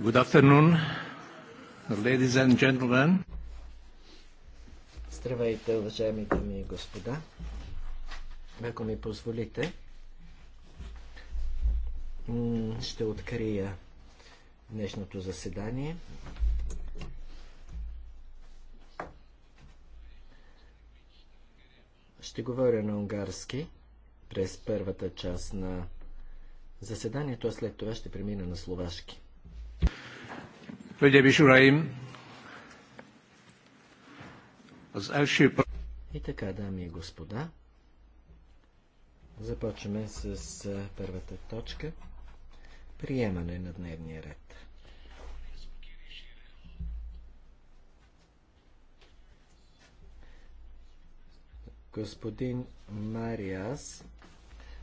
Good afternoon, ladies and gentlemen. Здравейте, уважаеми дами и господа. Ако ми позволите, ще открия днешното заседание. Ще говоря на унгарски през първата част на заседанието, а след това ще премина на словашки. И така, дами и господа, започваме с първата точка – приемане на дневния ред. Господин Мариас,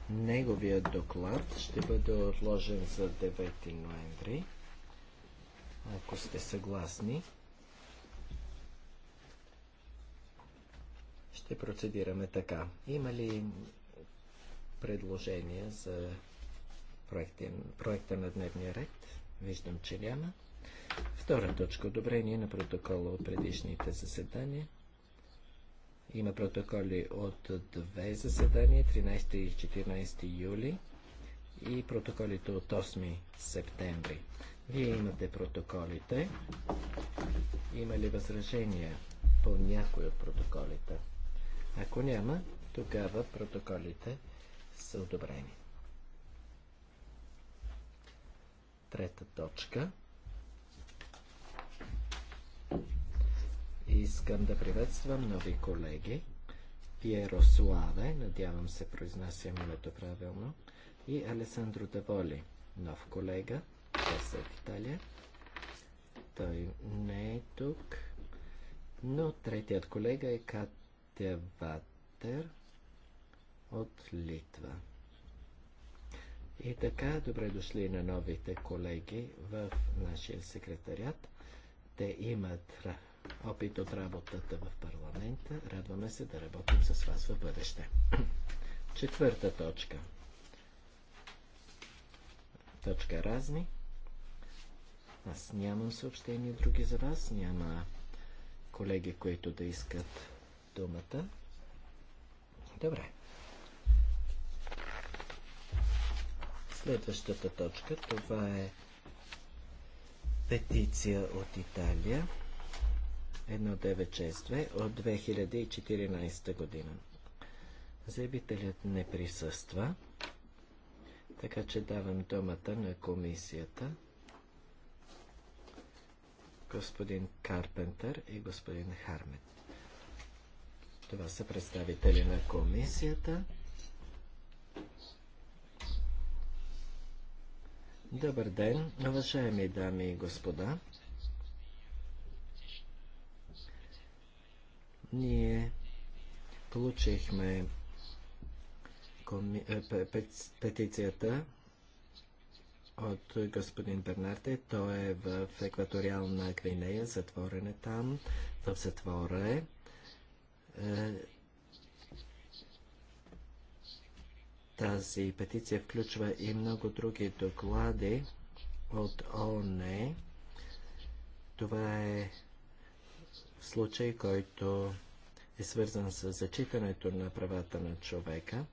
неговият доклад ще бъде отложен за 9 ноември – ако сте съгласни. Ще процедираме така. Има ли предложения за проекта, проекта на дневния ред? Виждам, че няма. Втора точка. Одобрение на протокола от предишните заседания. Има протоколи от две заседания, 13 и 14 юли и протоколите от 8 септември. Вие имате протоколите. Има ли възражения по някой от протоколите? Ако няма, тогава протоколите са одобрени. Трета точка. Искам да приветствам нови колеги. Пьеро Суаве, надявам се произнася името правилно, и Алесандро Даволи, нов колега – Италия. Той не е тук, но третият колега е Катя Ватер от Литва. И така, добре дошли на новите колеги в нашия секретарят. Те имат опит от работата в парламента. Радваме се да работим с вас в бъдеще. Четвърта точка. Точка разни. Аз нямам съобщения други за вас, няма колеги, които да искат думата. Добре. Следващата точка, това е петиция от Италия 1962 от 2014 година. Заявителят не присъства, така че давам думата на комисията господин Карпентър и господин Хармет. Това са представители на комисията. Добър ден, уважаеми дами и господа. Ние получихме коми... петицията от господин Бернарде. Той е в екваториална Гвинея, затворен е там, в затвора е. е тази петиция включва и много други доклади от ОНЕ. Това е случай, който е свързан с зачитането на правата на човека.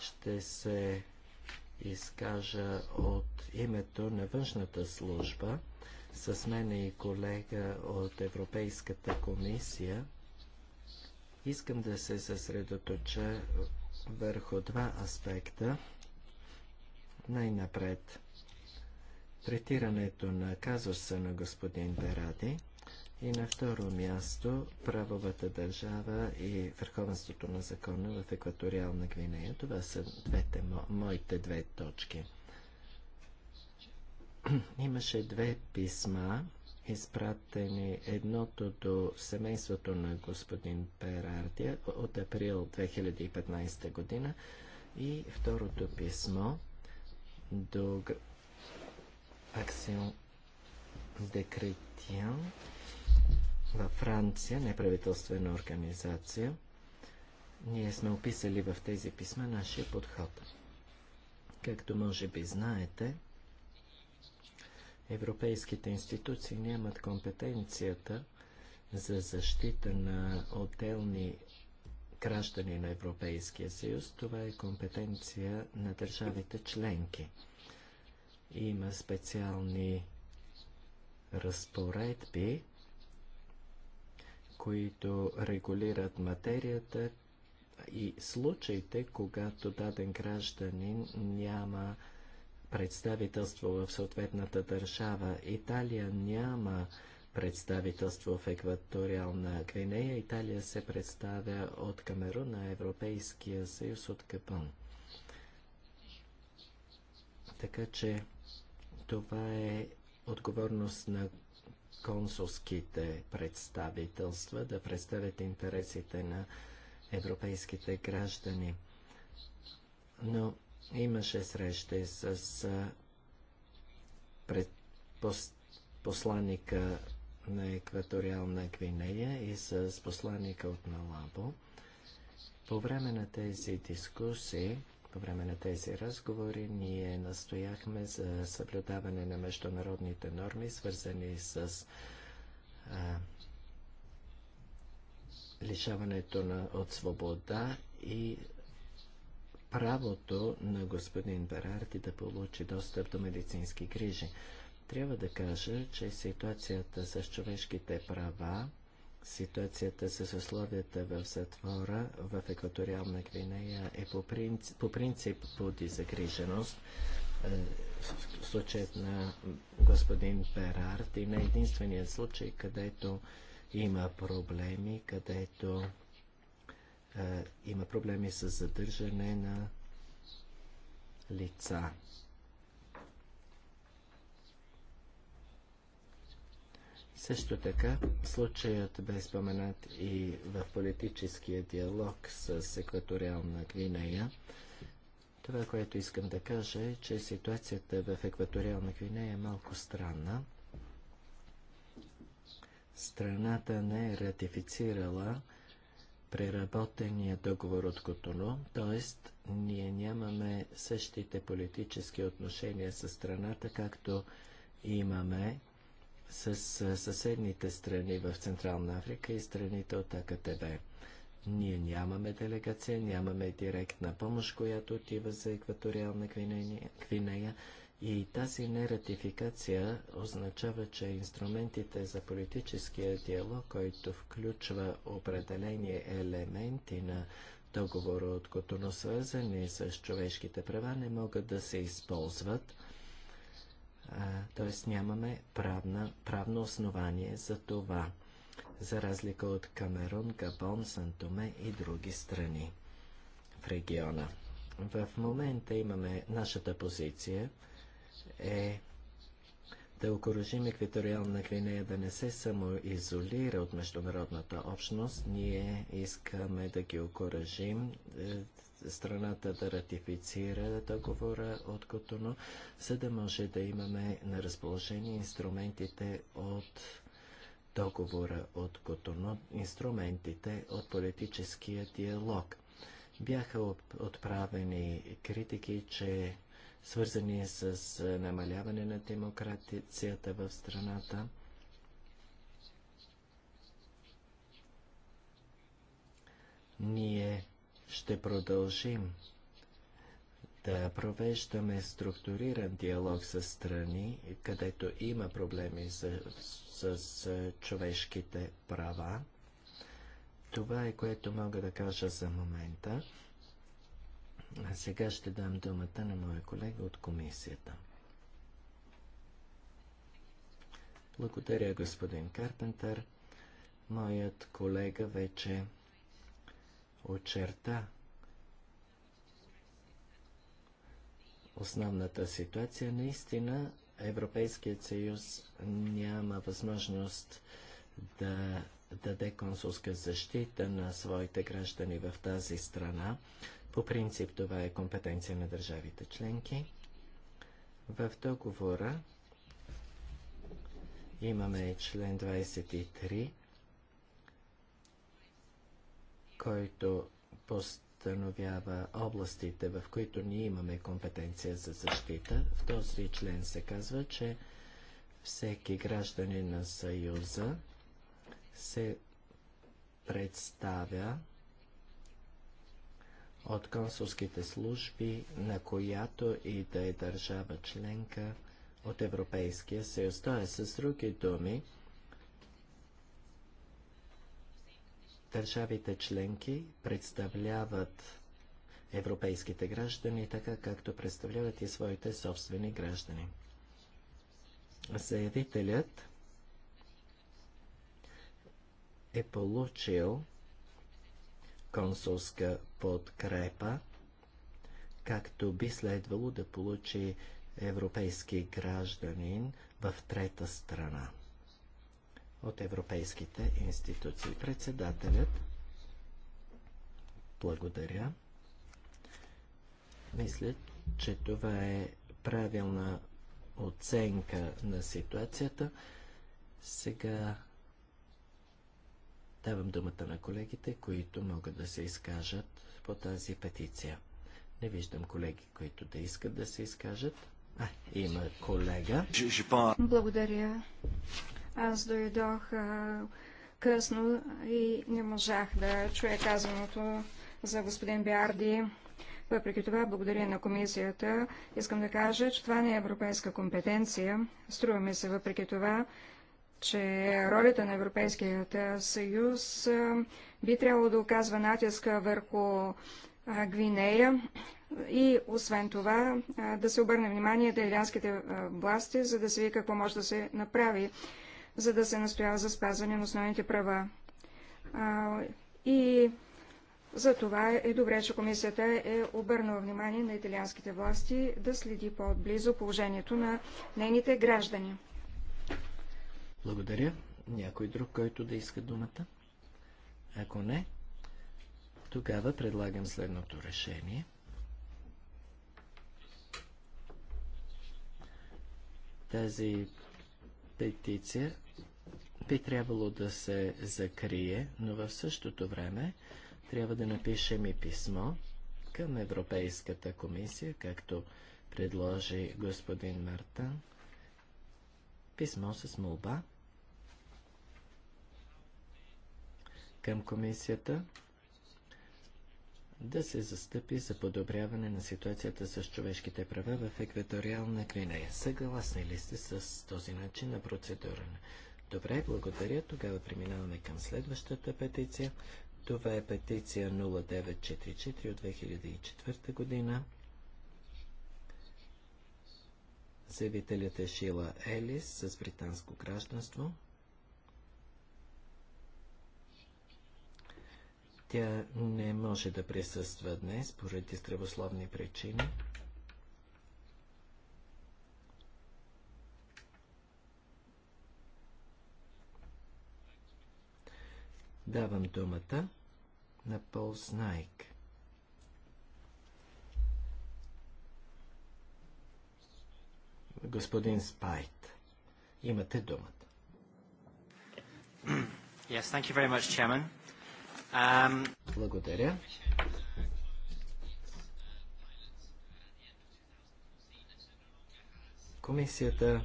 Ще се изкажа от името на външната служба. С мен е и колега от Европейската комисия. Искам да се съсредоточа върху два аспекта. Най-напред третирането на казуса на господин Беради – и на второ място правовата държава и върховенството на закона в екваториална Гвинея. Това са двете, моите две точки. Имаше две писма, изпратени едното до семейството на господин Перардия от април 2015 година и второто писмо до Аксион Декретиан във Франция, неправителствена организация. Ние сме описали в тези писма нашия подход. Както може би знаете, европейските институции нямат компетенцията за защита на отделни граждани на Европейския съюз. Това е компетенция на държавите членки. Има специални разпоредби, които регулират материята и случаите, когато даден гражданин няма представителство в съответната държава. Италия няма представителство в екваториална Гвинея. Италия се представя от Камерун на Европейския съюз от Капан. Така че това е отговорност на консулските представителства да представят интересите на европейските граждани. Но имаше срещи с пред, пос, посланника на екваториална Гвинея и с посланника от Малабо. По време на тези дискусии по време на тези разговори ние настояхме за съблюдаване на международните норми, свързани с а, лишаването на, от свобода и правото на господин Берарди да получи достъп до медицински грижи. Трябва да кажа, че ситуацията с човешките права ситуацията с условията в затвора в екваториална Гвинея е по принцип, по принцип буди загриженост. Е, в случаят на господин Перард и на единствения случай, където има проблеми, където е, има проблеми с задържане на лица. Също така, случаят бе споменат и в политическия диалог с екваториална Гвинея. Това, което искам да кажа е, че ситуацията в екваториална Гвинея е малко странна. Страната не е ратифицирала преработения договор от Котоно, т.е. ние нямаме същите политически отношения с страната, както имаме с съседните страни в Централна Африка и страните от АКТБ. Ние нямаме делегация, нямаме директна помощ, която отива за екваториална Квинея И тази нератификация означава, че инструментите за политическия диалог, който включва определени елементи на договора от Котоно, свързани с човешките права, не могат да се използват т.е. нямаме правна, правно основание за това, за разлика от Камерун, Габон, Сантоме и други страни в региона. В момента имаме нашата позиция е да окоръжим екваториална Гвинея да не се самоизолира от международната общност. Ние искаме да ги окоръжим е, страната да ратифицира договора от Котоно, за да може да имаме на разположение инструментите от договора от Котоно, инструментите от политическия диалог. Бяха отправени критики, че свързани с намаляване на демокрацията в страната, ние ще продължим да провеждаме структуриран диалог с страни, където има проблеми с, с, с човешките права. Това е което мога да кажа за момента. А сега ще дам думата на моя колега от комисията. Благодаря, господин Карпентър. Моят колега вече очерта основната ситуация. Наистина Европейският съюз няма възможност да даде консулска защита на своите граждани в тази страна. По принцип това е компетенция на държавите членки. В договора имаме член 23 който постановява областите, в които ние имаме компетенция за защита. В този член се казва, че всеки гражданин на Съюза се представя от консулските служби, на която и да е държава членка от Европейския съюз. Т.е. с други думи, Държавите членки представляват европейските граждани, така както представляват и своите собствени граждани. Заявителят е получил консулска подкрепа, както би следвало да получи европейски гражданин в трета страна от европейските институции. Председателят, благодаря. Мисля, че това е правилна оценка на ситуацията. Сега давам думата на колегите, които могат да се изкажат по тази петиция. Не виждам колеги, които да искат да се изкажат. А, има колега. Благодаря. Аз дойдох а, късно и не можах да чуя казаното за господин Биарди. Въпреки това, благодаря на комисията. Искам да кажа, че това не е европейска компетенция. Струваме се въпреки това, че ролята на Европейският съюз би трябвало да оказва натиска върху Гвинея и освен това да се обърне внимание на италианските власти, за да се види какво може да се направи за да се настоява за спазване на основните права. А, и за това е добре, че комисията е обърнала внимание на италианските власти да следи по-отблизо положението на нейните граждани. Благодаря. Някой друг, който да иска думата? Ако не, тогава предлагам следното решение. Тази петиция би трябвало да се закрие, но в същото време трябва да напишем и писмо към Европейската комисия, както предложи господин Мартан. Писмо с молба към комисията да се застъпи за подобряване на ситуацията с човешките права в екваториална Гвинея. Съгласни ли сте с този начин на процедура? Добре, благодаря. Тогава преминаваме към следващата петиция. Това е петиция 0944 от 2004 година. Заявителят е Шила Елис с британско гражданство. Тя не може да присъства днес поради здравословни причини. Давам думата на Пол Снайк. Господин Спайт, имате думата. Yes, thank you very much, Chairman. Um... Благодаря. Комисията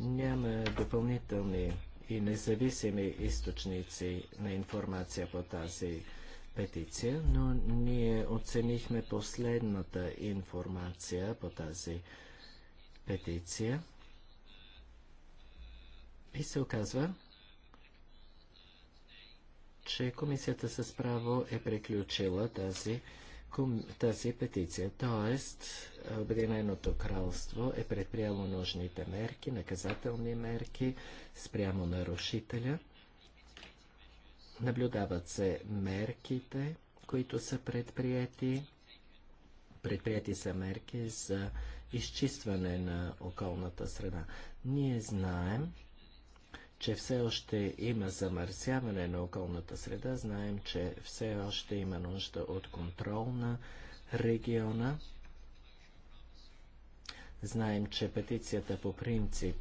Няма допълнителни и независими източници на информация по тази петиция, но ние оценихме последната информация по тази петиция и се оказва, че комисията с право е приключила тази петиция тази петиция. Тоест, Обединеното кралство е предприело нужните мерки, наказателни мерки спрямо нарушителя. Наблюдават се мерките, които са предприяти. Предприяти са мерки за изчистване на околната среда. Ние знаем, че все още има замърсяване на околната среда, знаем, че все още има нужда от контрол на региона. Знаем, че петицията по принцип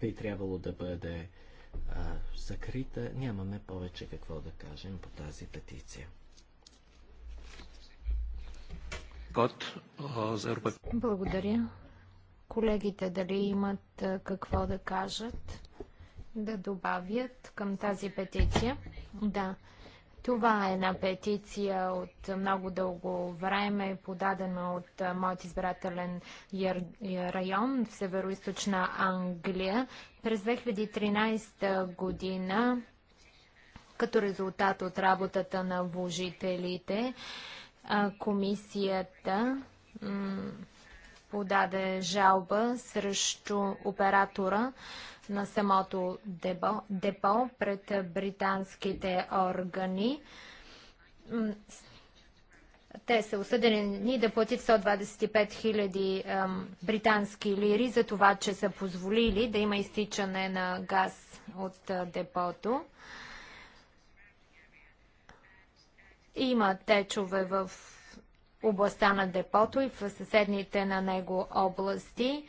би трябвало да бъде а, закрита. Нямаме повече какво да кажем по тази петиция. Благодаря. Колегите дали имат какво да кажат? да добавят към тази петиция? Да. Това е една петиция от много дълго време, подадена от моят избирателен район в Северо-Источна Англия. През 2013 година, като резултат от работата на вложителите, комисията подаде жалба срещу оператора на самото депо, депо пред британските органи. Те са осъдени да платят 125 000 британски лири за това, че са позволили да има изтичане на газ от депото. Има течове в областта на депото и в съседните на него области.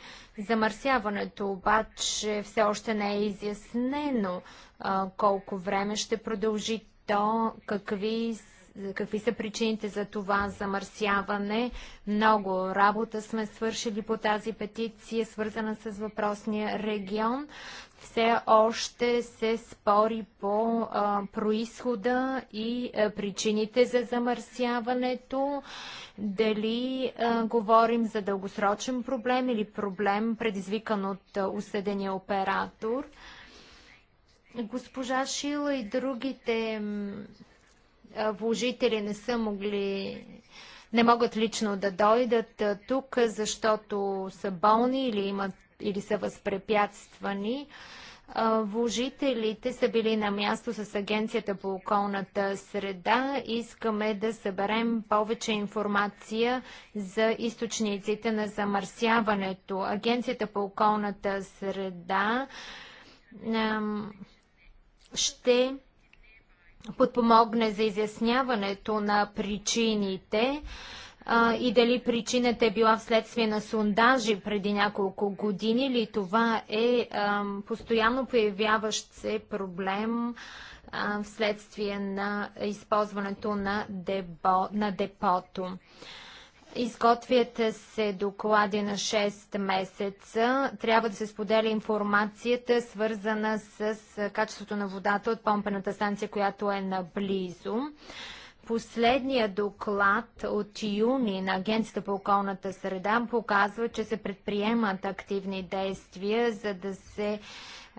Замърсяването обаче все още не е изяснено колко време ще продължи то, какви какви са причините за това замърсяване. Много работа сме свършили по тази петиция, свързана с въпросния регион. Все още се спори по а, происхода и а, причините за замърсяването. Дали а, говорим за дългосрочен проблем или проблем предизвикан от а, уседения оператор. Госпожа Шила и другите вложители не са могли, не могат лично да дойдат тук, защото са болни или, имат, или са възпрепятствани. Вложителите са били на място с Агенцията по околната среда. Искаме да съберем повече информация за източниците на замърсяването. Агенцията по околната среда ще подпомогне за изясняването на причините и дали причината е била вследствие на сондажи преди няколко години или това е постоянно появяващ се проблем вследствие на използването на депото. Изготвят се доклади на 6 месеца. Трябва да се споделя информацията, свързана с качеството на водата от помпената станция, която е наблизо. Последният доклад от юни на Агенцията по околната среда показва, че се предприемат активни действия, за да се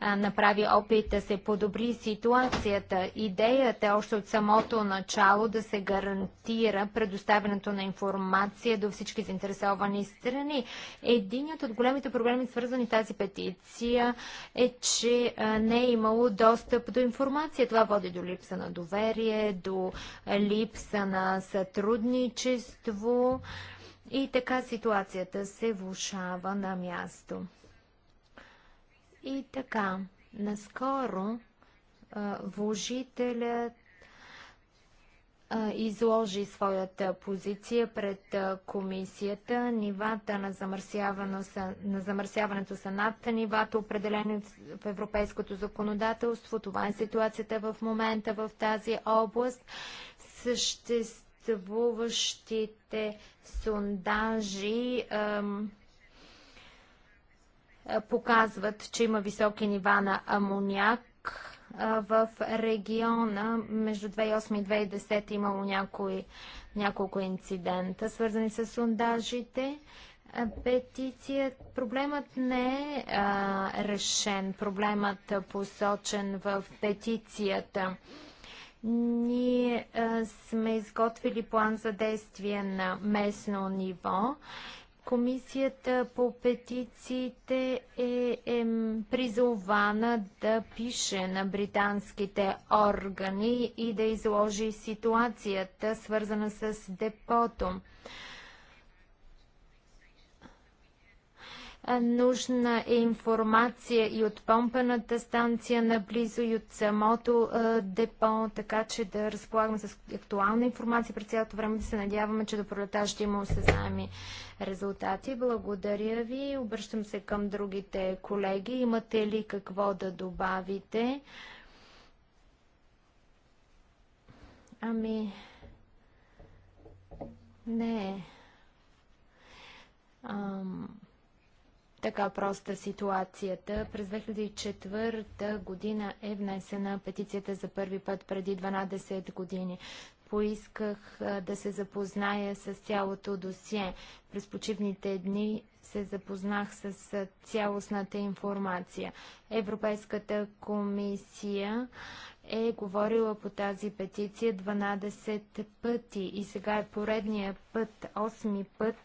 направи опит да се подобри ситуацията. Идеята е още от самото начало да се гарантира предоставянето на информация до всички заинтересовани страни. Единият от големите проблеми, свързани с тази петиция, е, че не е имало достъп до информация. Това води до липса на доверие, до липса на сътрудничество и така ситуацията се влушава на място. И така, наскоро а, вложителят изложи своята позиция пред комисията. Нивата на, замърсяване са, на замърсяването са над нивата, определени в европейското законодателство. Това е ситуацията в момента в тази област. Съществуващите сондажи ам, е, показват, че има високи нива на амоняк е, в региона. Между 2008 и 2010 е имало някои, няколко инцидента, свързани с сондажите. Петиция. Проблемът не е а, решен. Проблемът е посочен в петицията. Ние а, сме изготвили план за действие на местно ниво Комисията по петициите е, е призована да пише на британските органи и да изложи ситуацията, свързана с депото. Нужна е информация и от помпената станция наблизо и от самото депо, така че да разполагаме с актуална информация през цялото време да се надяваме, че до пролета ще има осезаеми резултати. Благодаря ви. Обръщам се към другите колеги. Имате ли какво да добавите? Ами, не. Ам така проста ситуацията. През 2004 година е внесена петицията за първи път преди 12 години. Поисках да се запозная с цялото досие. През почивните дни се запознах с цялостната информация. Европейската комисия е говорила по тази петиция 12 пъти и сега е поредния път, 8 път,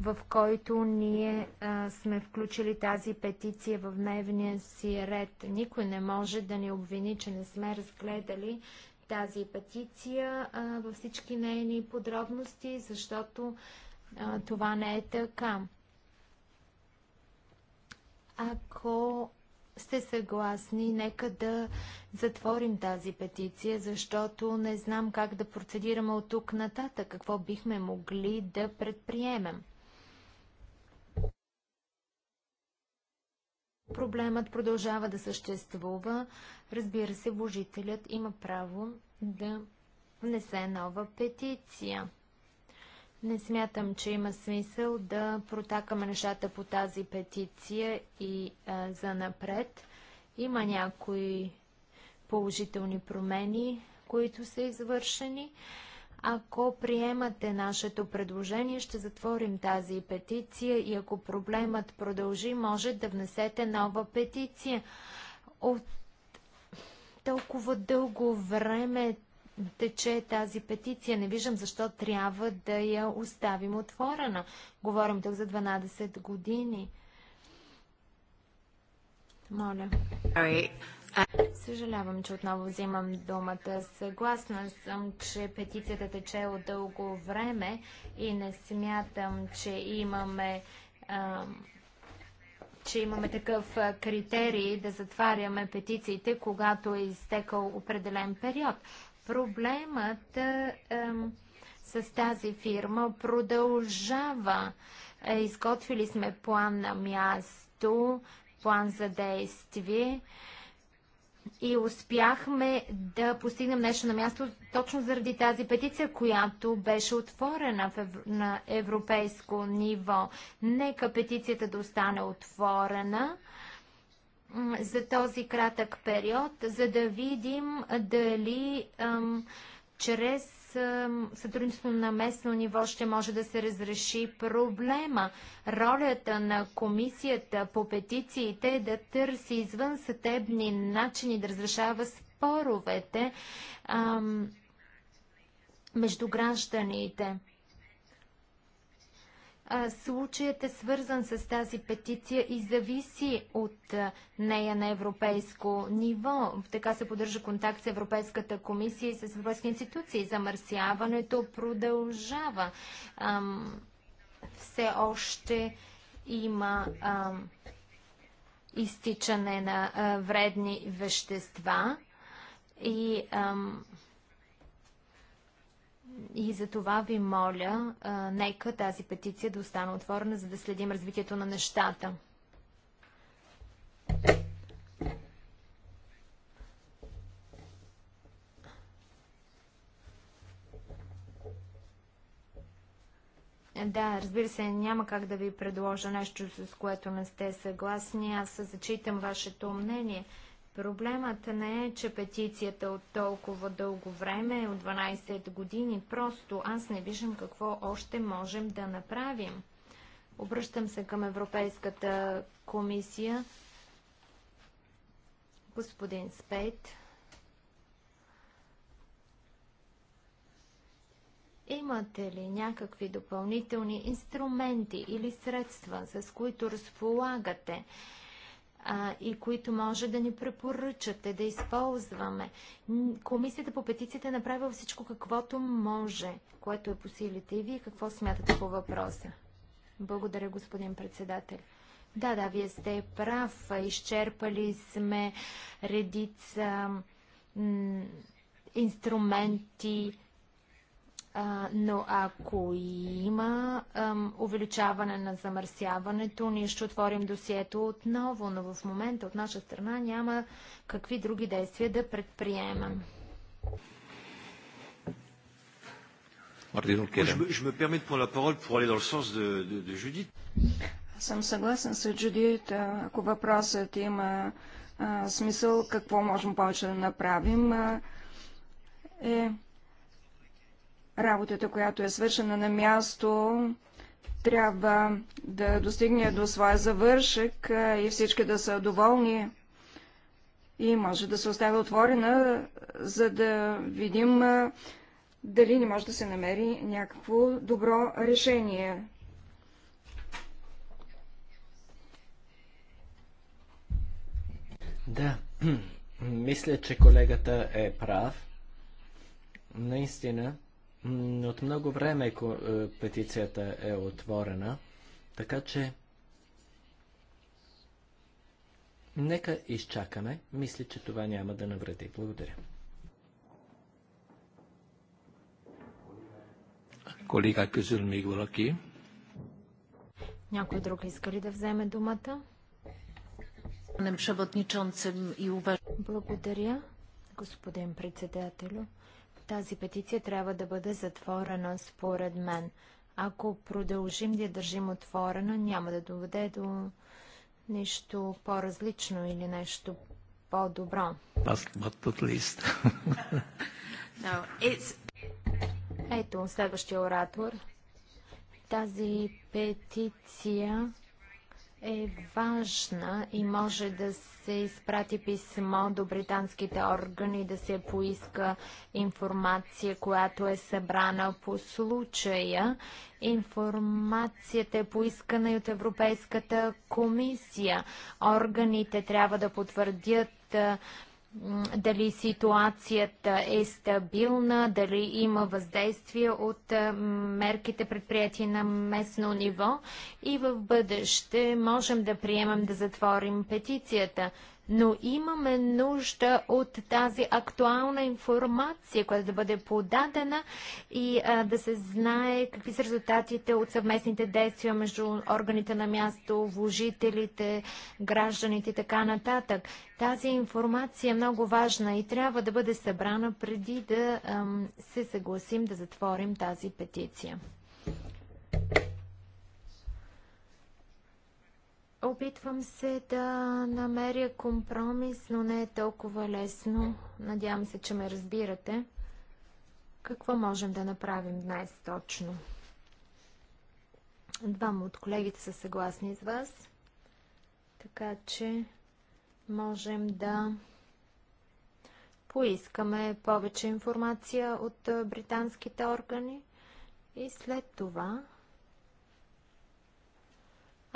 в който ние а, сме включили тази петиция в дневния си ред. Никой не може да ни обвини, че не сме разгледали тази петиция а, във всички нейни подробности, защото а, това не е така. Ако сте съгласни, нека да затворим тази петиция, защото не знам как да процедираме от тук нататък, какво бихме могли да предприемем. Проблемът продължава да съществува. Разбира се, вложителят има право да внесе нова петиция. Не смятам, че има смисъл да протакаме нещата по тази петиция и а, за напред. Има някои положителни промени, които са извършени. Ако приемате нашето предложение, ще затворим тази петиция и ако проблемът продължи, може да внесете нова петиция. От толкова дълго време тече тази петиция. Не виждам защо трябва да я оставим отворена. Говорим тук за 12 години. Моля. Съжалявам, че отново взимам думата. Съгласна съм, че петицията тече от дълго време и не смятам, че имаме че имаме такъв критерий да затваряме петициите, когато е изтекал определен период. Проблемът е, с тази фирма продължава. Е, изготвили сме план на място, план за действие и успяхме да постигнем нещо на място точно заради тази петиция, която беше отворена ев... на европейско ниво. Нека петицията да остане отворена за този кратък период, за да видим дали ам, чрез сътрудничество на местно ниво ще може да се разреши проблема. Ролята на комисията по петициите е да търси извън съдебни начини да разрешава споровете ам, между гражданите а, случаят е свързан с тази петиция и зависи от а, нея на европейско ниво. Така се поддържа контакт с Европейската комисия и с европейски институции. Замърсяването продължава. Ам, все още има ам, изтичане на а, вредни вещества и ам, и за това ви моля, а, нека тази петиция да остане отворена, за да следим развитието на нещата. Да, разбира се, няма как да ви предложа нещо, с което не сте съгласни. Аз зачитам вашето мнение. Проблемът не е, че петицията от толкова дълго време, от 12 години, просто аз не виждам какво още можем да направим. Обръщам се към Европейската комисия. Господин Спейт. Имате ли някакви допълнителни инструменти или средства, с които разполагате? и които може да ни препоръчате да използваме. Комисията по петициите направи направила всичко каквото може, което е по силите и вие какво смятате по въпроса? Благодаря, господин председател. Да, да, вие сте прав. Изчерпали сме редица инструменти, но ако има увеличаване на замърсяването, ние ще отворим досието отново, но в момента от наша страна няма какви други действия да предприемам. Съм съгласен с Джудит. Ако въпросът има смисъл, какво можем повече да направим, е работата, която е свършена на място, трябва да достигне до своя завършък и всички да са доволни и може да се оставя отворена, за да видим дали не може да се намери някакво добро решение. Да, мисля, че колегата е прав. Наистина, от много време е, петицията е отворена, така че нека изчакаме. Мисля, че това няма да навреди. Благодаря. Колега Кюзел Мигулаки. Някой друг иска ли да вземе думата? Благодаря, господин председателю. Тази петиция трябва да бъде затворена, според мен. Ако продължим да я държим отворена, няма да доведе до нещо по-различно или нещо по-добро. Ето, следващия оратор. Тази петиция е важна и може да се изпрати писмо до британските органи да се поиска информация, която е събрана по случая. Информацията е поискана и от Европейската комисия. Органите трябва да потвърдят дали ситуацията е стабилна, дали има въздействие от мерките предприяти на местно ниво и в бъдеще можем да приемам да затворим петицията но имаме нужда от тази актуална информация, която да бъде подадена и а, да се знае какви са резултатите от съвместните действия между органите на място, вложителите, гражданите и така нататък. Тази информация е много важна и трябва да бъде събрана преди да ам, се съгласим да затворим тази петиция. Опитвам се да намеря компромис, но не е толкова лесно. Надявам се, че ме разбирате. Какво можем да направим днес точно? Двама от колегите са съгласни с вас, така че можем да поискаме повече информация от британските органи и след това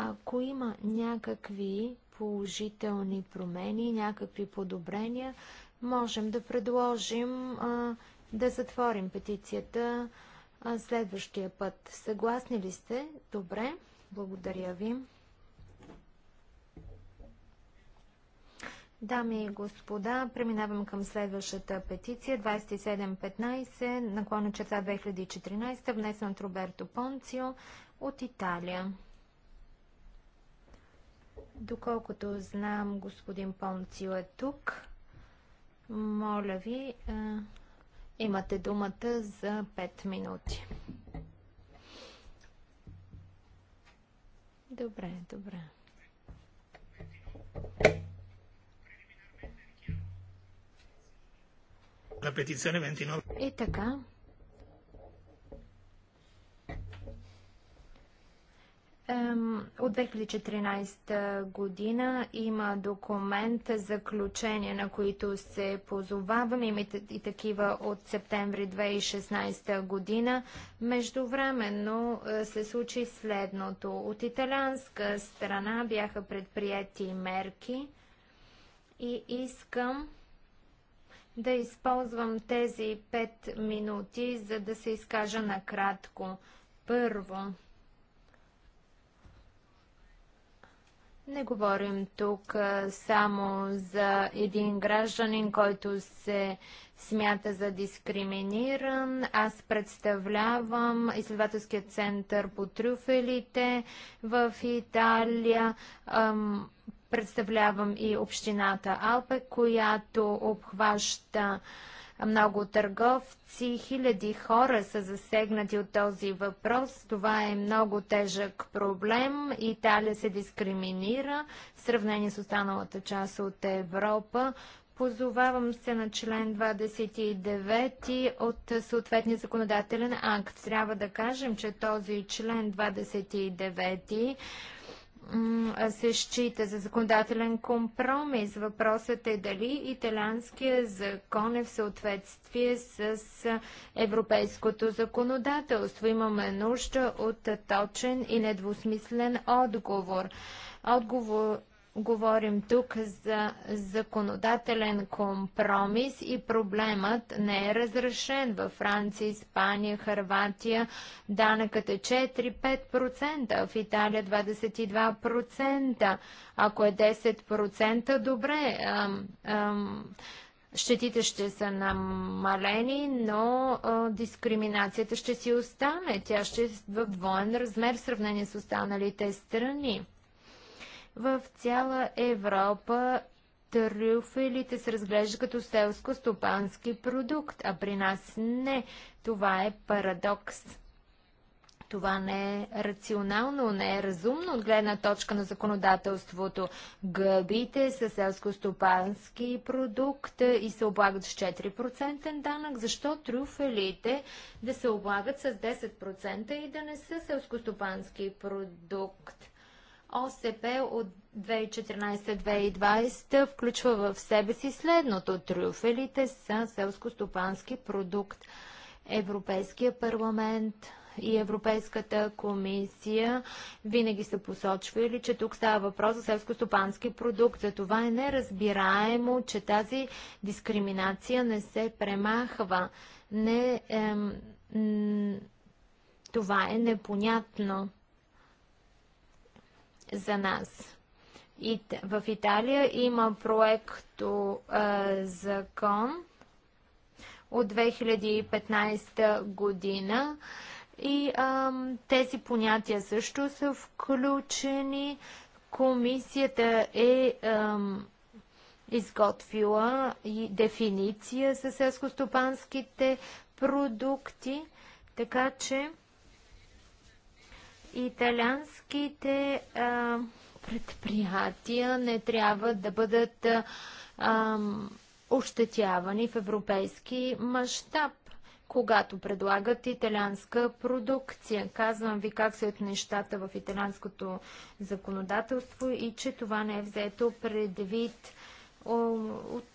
ако има някакви положителни промени, някакви подобрения, можем да предложим а, да затворим петицията а, следващия път. Съгласни ли сте? Добре, благодаря ви. Дами и господа, преминавам към следващата петиция 2715 наклона черта 2014, внесена от Роберто Понцио от Италия. Доколкото знам, господин Понцил е тук. Моля ви, имате думата за 5 минути. Добре, добре. И така, От 2014 година има документ заключение, на които се позоваваме. Има и такива от септември 2016 година. Междувременно е, се случи следното. От италианска страна бяха предприяти мерки и искам да използвам тези 5 минути, за да се изкажа накратко. Първо, Не говорим тук само за един гражданин, който се смята за дискриминиран. Аз представлявам изследователския център по трюфелите в Италия. Представлявам и общината Алпе, която обхваща много търговци, хиляди хора са засегнати от този въпрос. Това е много тежък проблем. Италия се дискриминира в сравнение с останалата част от Европа. Позовавам се на член 29 от съответния законодателен акт. Трябва да кажем, че този член 29 се счита за законодателен компромис. Въпросът е дали италянския закон е в съответствие с европейското законодателство. Имаме нужда от точен и недвусмислен отговор. Отговор Говорим тук за законодателен компромис и проблемът не е разрешен във Франция, Испания, Харватия. Данъкът е 4-5%, в Италия 22%. Ако е 10%, добре. Ам, ам, щетите ще са намалени, но а, дискриминацията ще си остане. Тя ще е в двоен размер в сравнение с останалите страни. В цяла Европа трюфелите се разглежда като селско-стопански продукт, а при нас не. Това е парадокс. Това не е рационално, не е разумно от гледна точка на законодателството. Гъбите са селско-стопански продукт и се облагат с 4% данък. Защо трюфелите да се облагат с 10% и да не са селско-стопански продукт? ОСП от 2014-2020 включва в себе си следното. Трюфелите са селско-стопански продукт. Европейския парламент и Европейската комисия винаги са посочвали, че тук става въпрос за селско-стопански продукт. За това е неразбираемо, че тази дискриминация не се премахва. Не, ем, това е непонятно за нас. И в Италия има проекто закон от 2015 година и а, тези понятия също са включени. Комисията е а, изготвила и дефиниция за селскостопанските продукти, така че Италианските а, предприятия не трябва да бъдат а, ощетявани в европейски мащаб когато предлагат италианска продукция. Казвам ви как са от нещата в италианското законодателство и че това не е взето предвид от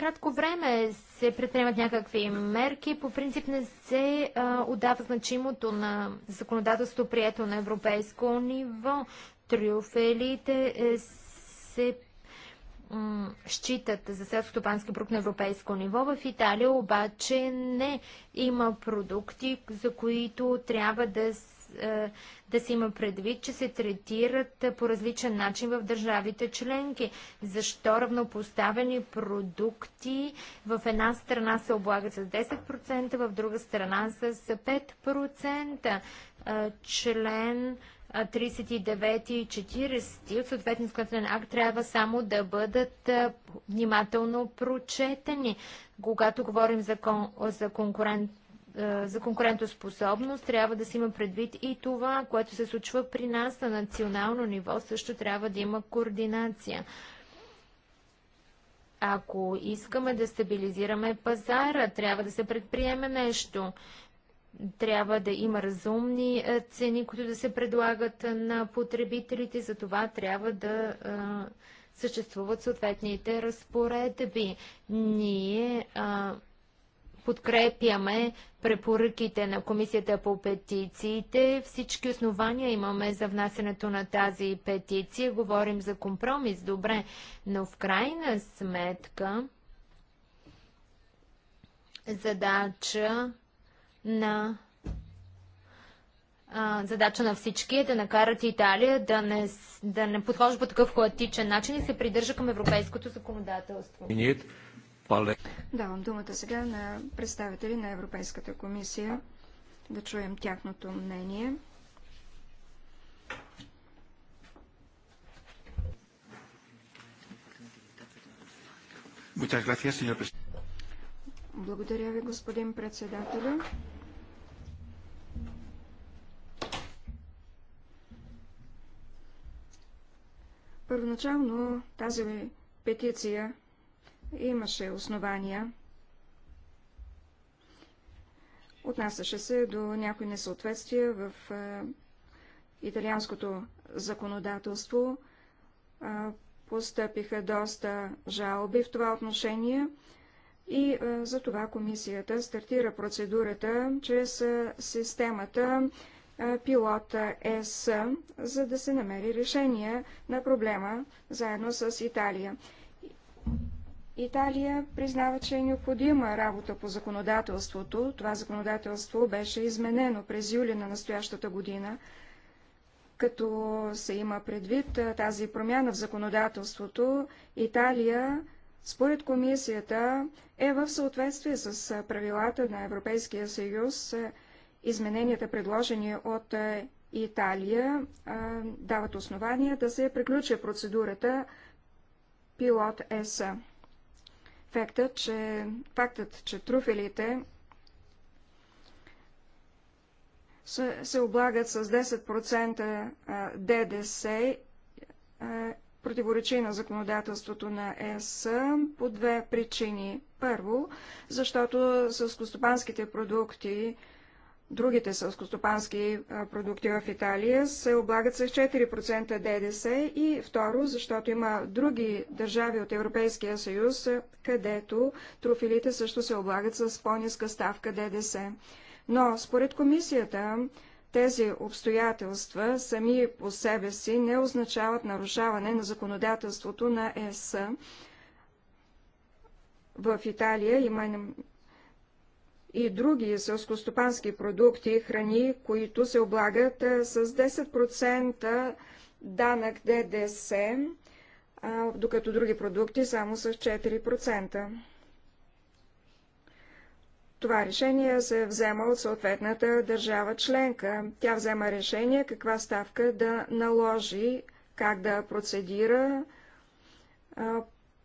кратко време се предприемат някакви мерки. По принцип не се а, отдава значимото на законодателство, прието на европейско ниво. Триофелите е, се считат за селскостопански продукт на европейско ниво. В Италия обаче не има продукти, за които трябва да се е, да се има предвид, че се третират е, по различен начин в държавите членки. Защо равнопоставени продукти в една страна се облагат с 10%, в друга страна с 5%? Е, член 39 и 40 от съответния законодателен акт трябва само да бъдат внимателно прочетени. Когато говорим за, кон, за конкурент е, за конкурентоспособност трябва да се има предвид и това, което се случва при нас на национално ниво, също трябва да има координация. Ако искаме да стабилизираме пазара, трябва да се предприеме нещо. Трябва да има разумни е, цени, които да се предлагат на потребителите, за това трябва да е, съществуват съответните разпоредби. Ние а, подкрепяме препоръките на Комисията по петициите. Всички основания имаме за внасянето на тази петиция. Говорим за компромис, добре, но в крайна сметка задача на задача на всички е да накарат Италия да не, да не подхожда по такъв хаотичен начин и се придържа към европейското законодателство. Пале. Давам думата сега на представители на Европейската комисия да чуем тяхното мнение. Благодаря ви, господин председател. Първоначално тази петиция имаше основания. Отнасяше се до някои несъответствия в италианското законодателство. Постъпиха доста жалби в това отношение и за това комисията стартира процедурата чрез системата пилота ЕС, за да се намери решение на проблема заедно с Италия. Италия признава, че е необходима работа по законодателството. Това законодателство беше изменено през юли на настоящата година, като се има предвид тази промяна в законодателството, Италия, според комисията, е в съответствие с правилата на Европейския съюз. Измененията, предложени от Италия, дават основания да се приключи процедурата пилот ЕСА фактът, че, фактът, че труфелите се, се облагат с 10% ДДС противоречи на законодателството на ЕС по две причини. Първо, защото костопанските продукти другите сълскостопански продукти в Италия се облагат с 4% ДДС и второ, защото има други държави от Европейския съюз, където трофилите също се облагат с по-ниска ставка ДДС. Но според комисията тези обстоятелства сами по себе си не означават нарушаване на законодателството на ЕС. В Италия има и други сълскостопански продукти, храни, които се облагат с 10% данък ДДС, докато други продукти само с 4%. Това решение се взема от съответната държава членка. Тя взема решение каква ставка да наложи, как да процедира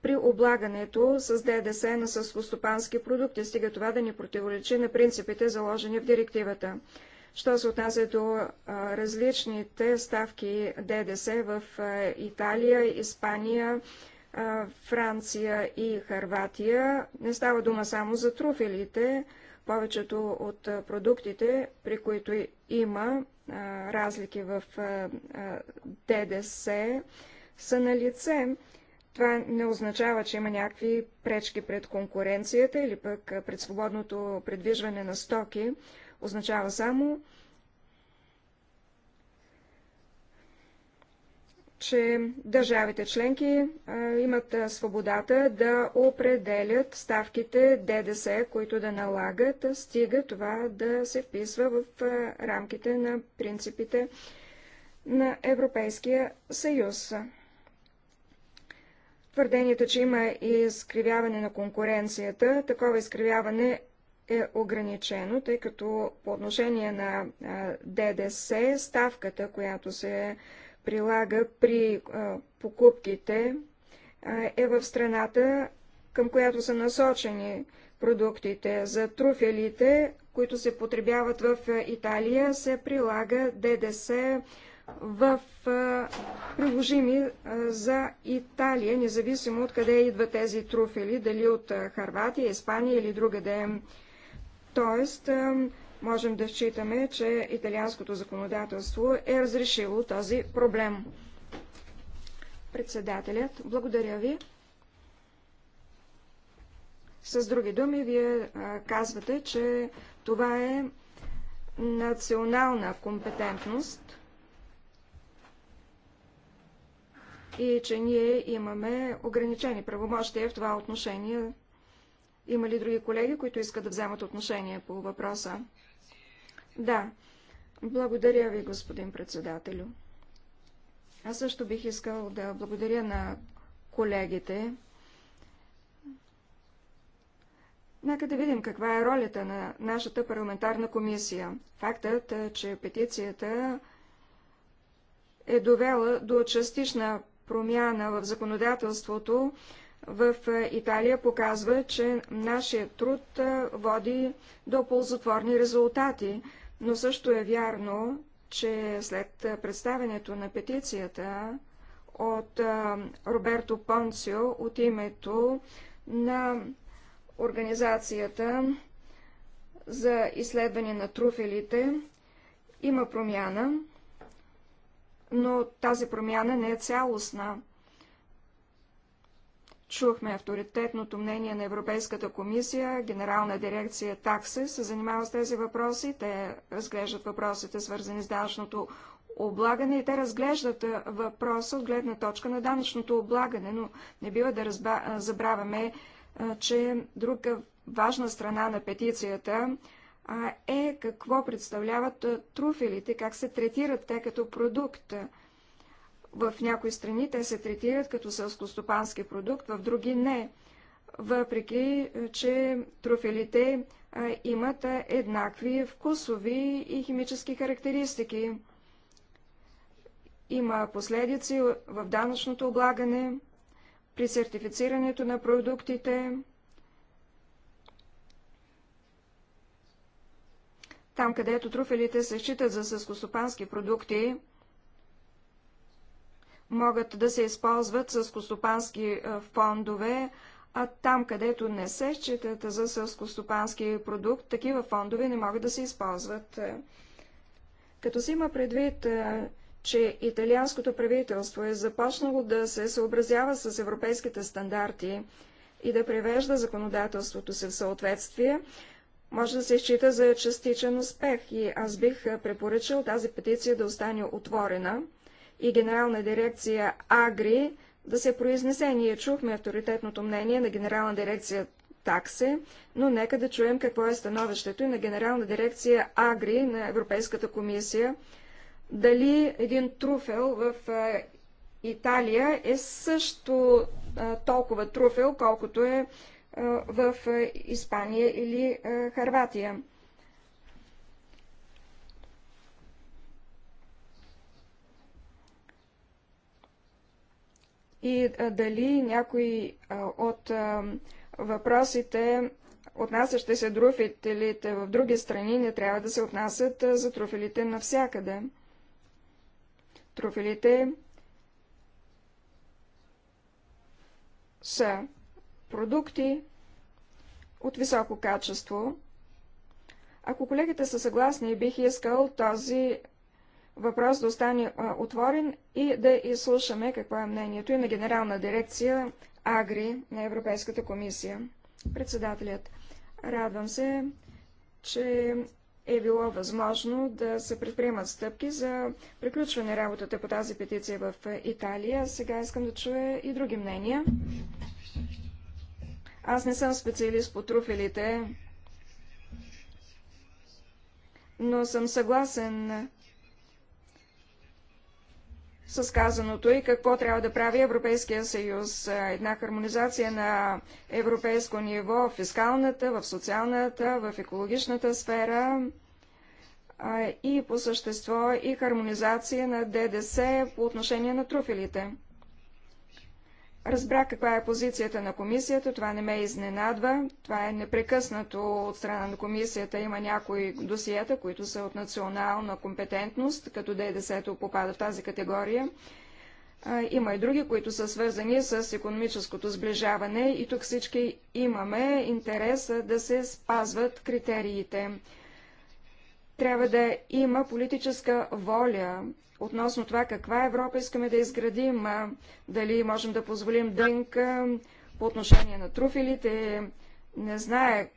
при облагането с ДДС на съскостопански продукти, стига това да ни противоречи на принципите, заложени в директивата. Що се отнася до различните ставки ДДС в Италия, Испания, Франция и Харватия, не става дума само за труфелите. Повечето от продуктите, при които има разлики в ДДС, са на лице. Това не означава, че има някакви пречки пред конкуренцията или пък пред свободното предвижване на стоки. Означава само, че държавите членки а, имат свободата да определят ставките ДДС, които да налагат, стига това да се вписва в а, рамките на принципите на Европейския съюз. Твърдението, че има и изкривяване на конкуренцията, такова изкривяване е ограничено, тъй като по отношение на ДДС ставката, която се прилага при покупките, е в страната, към която са насочени продуктите. За труфелите, които се потребяват в Италия, се прилага ДДС в приложими за Италия, независимо от къде идват тези труфели, дали от Харватия, Испания или другаде. Тоест, можем да считаме, че италианското законодателство е разрешило този проблем. Председателят, благодаря ви. С други думи, вие казвате, че това е национална компетентност – и че ние имаме ограничени правомощия в това отношение. Има ли други колеги, които искат да вземат отношение по въпроса? Да. Благодаря ви, господин председателю. Аз също бих искал да благодаря на колегите. Нека да видим каква е ролята на нашата парламентарна комисия. Фактът, е, че петицията е довела до частична промяна в законодателството в е, Италия показва, че нашия труд е, води до ползотворни резултати, но също е вярно, че след е, представенето на петицията от Роберто Понцио от името на Организацията за изследване на труфелите има промяна но тази промяна не е цялостна. Чухме авторитетното мнение на Европейската комисия, Генерална дирекция такси се занимава с тези въпроси, те разглеждат въпросите свързани с данъчното облагане и те разглеждат въпроса от гледна точка на данъчното облагане, но не бива да разба... забравяме, че друга важна страна на петицията е какво представляват труфелите, как се третират те като продукт. В някои страни те се третират като селскостопански продукт, в други не. Въпреки, че труфелите имат еднакви вкусови и химически характеристики. Има последици в данъчното облагане, при сертифицирането на продуктите, Там, където труфелите се считат за съскостопански продукти, могат да се използват съскостопански фондове, а там, където не се считат за съскостопански продукт, такива фондове не могат да се използват. Като се има предвид, че италианското правителство е започнало да се съобразява с европейските стандарти и да превежда законодателството се в съответствие, може да се счита за частичен успех и аз бих препоръчал тази петиция да остане отворена и Генерална дирекция Агри да се произнесе. Ние чухме авторитетното мнение на Генерална дирекция таксе, но нека да чуем какво е становището и на Генерална дирекция Агри на Европейската комисия. Дали един труфел в Италия е също толкова труфел, колкото е в Испания или Харватия. И дали някои от въпросите, отнасящи се друфителите в други страни, не трябва да се отнасят за труфелите навсякъде. Труфелите са продукти от високо качество. Ако колегите са съгласни, бих искал този въпрос да остане отворен и да изслушаме какво е мнението и на Генерална дирекция Агри на Европейската комисия. Председателят, радвам се, че е било възможно да се предприемат стъпки за приключване работата по тази петиция в Италия. Сега искам да чуя и други мнения. Аз не съм специалист по труфелите, но съм съгласен с казаното и какво трябва да прави Европейския съюз. Една хармонизация на европейско ниво в фискалната, в социалната, в екологичната сфера и по същество и хармонизация на ДДС по отношение на труфелите. Разбра каква е позицията на комисията, това не ме изненадва, това е непрекъснато от страна на комисията, има някои досиета, които са от национална компетентност, като ДДС-то попада в тази категория. Има и други, които са свързани с економическото сближаване и тук всички имаме интерес да се спазват критериите. Трябва да има политическа воля относно това каква Европа искаме да изградим, дали можем да позволим дънк по отношение на труфилите, не знае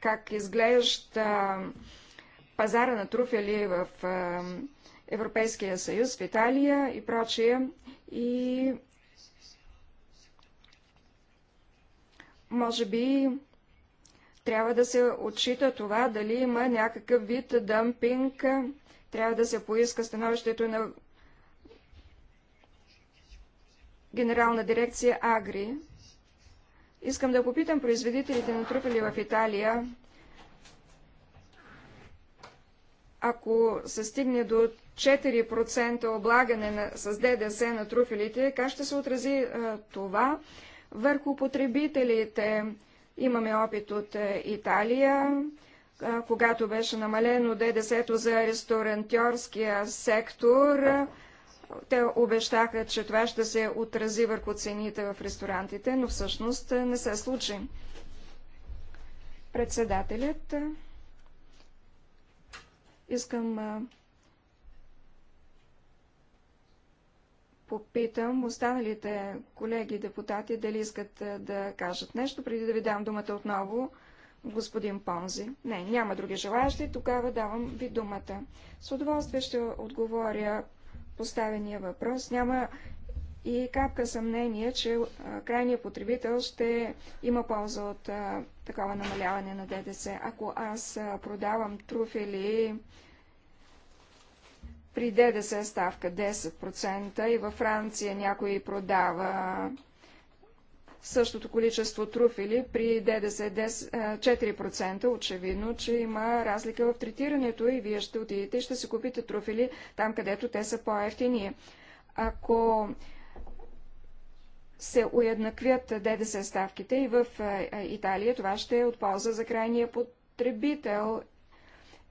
как изглежда пазара на труфели в Европейския съюз, в Италия и прочие. И може би трябва да се отчита това, дали има някакъв вид дъмпинг. Трябва да се поиска становището на Генерална дирекция Агри. Искам да попитам производителите на трупели в Италия, ако се стигне до 4% облагане на, с ДДС на труфелите, как ще се отрази а, това върху потребителите? Имаме опит от е, Италия, когато беше намалено ДДС за ресторантьорския сектор. Те обещаха, че това ще се отрази върху цените в ресторантите, но всъщност не се случи. Председателят. Искам попитам останалите колеги депутати дали искат е, да кажат нещо, преди да ви дам думата отново, господин Понзи. Не, няма други желаящи, тогава давам ви думата. С удоволствие ще отговоря поставения въпрос. Няма и капка съмнение, че е, крайният потребител ще има полза от а, е, такова намаляване на ДДС. Ако аз продавам труфели, при ДДС ставка 10% и във Франция някой продава същото количество труфили. при ДДС 4%. Очевидно, че има разлика в третирането и вие ще отидете и ще си купите труфили там, където те са по-ефтини. Ако се уеднаквят ДДС ставките и в Италия, това ще е от полза за крайния потребител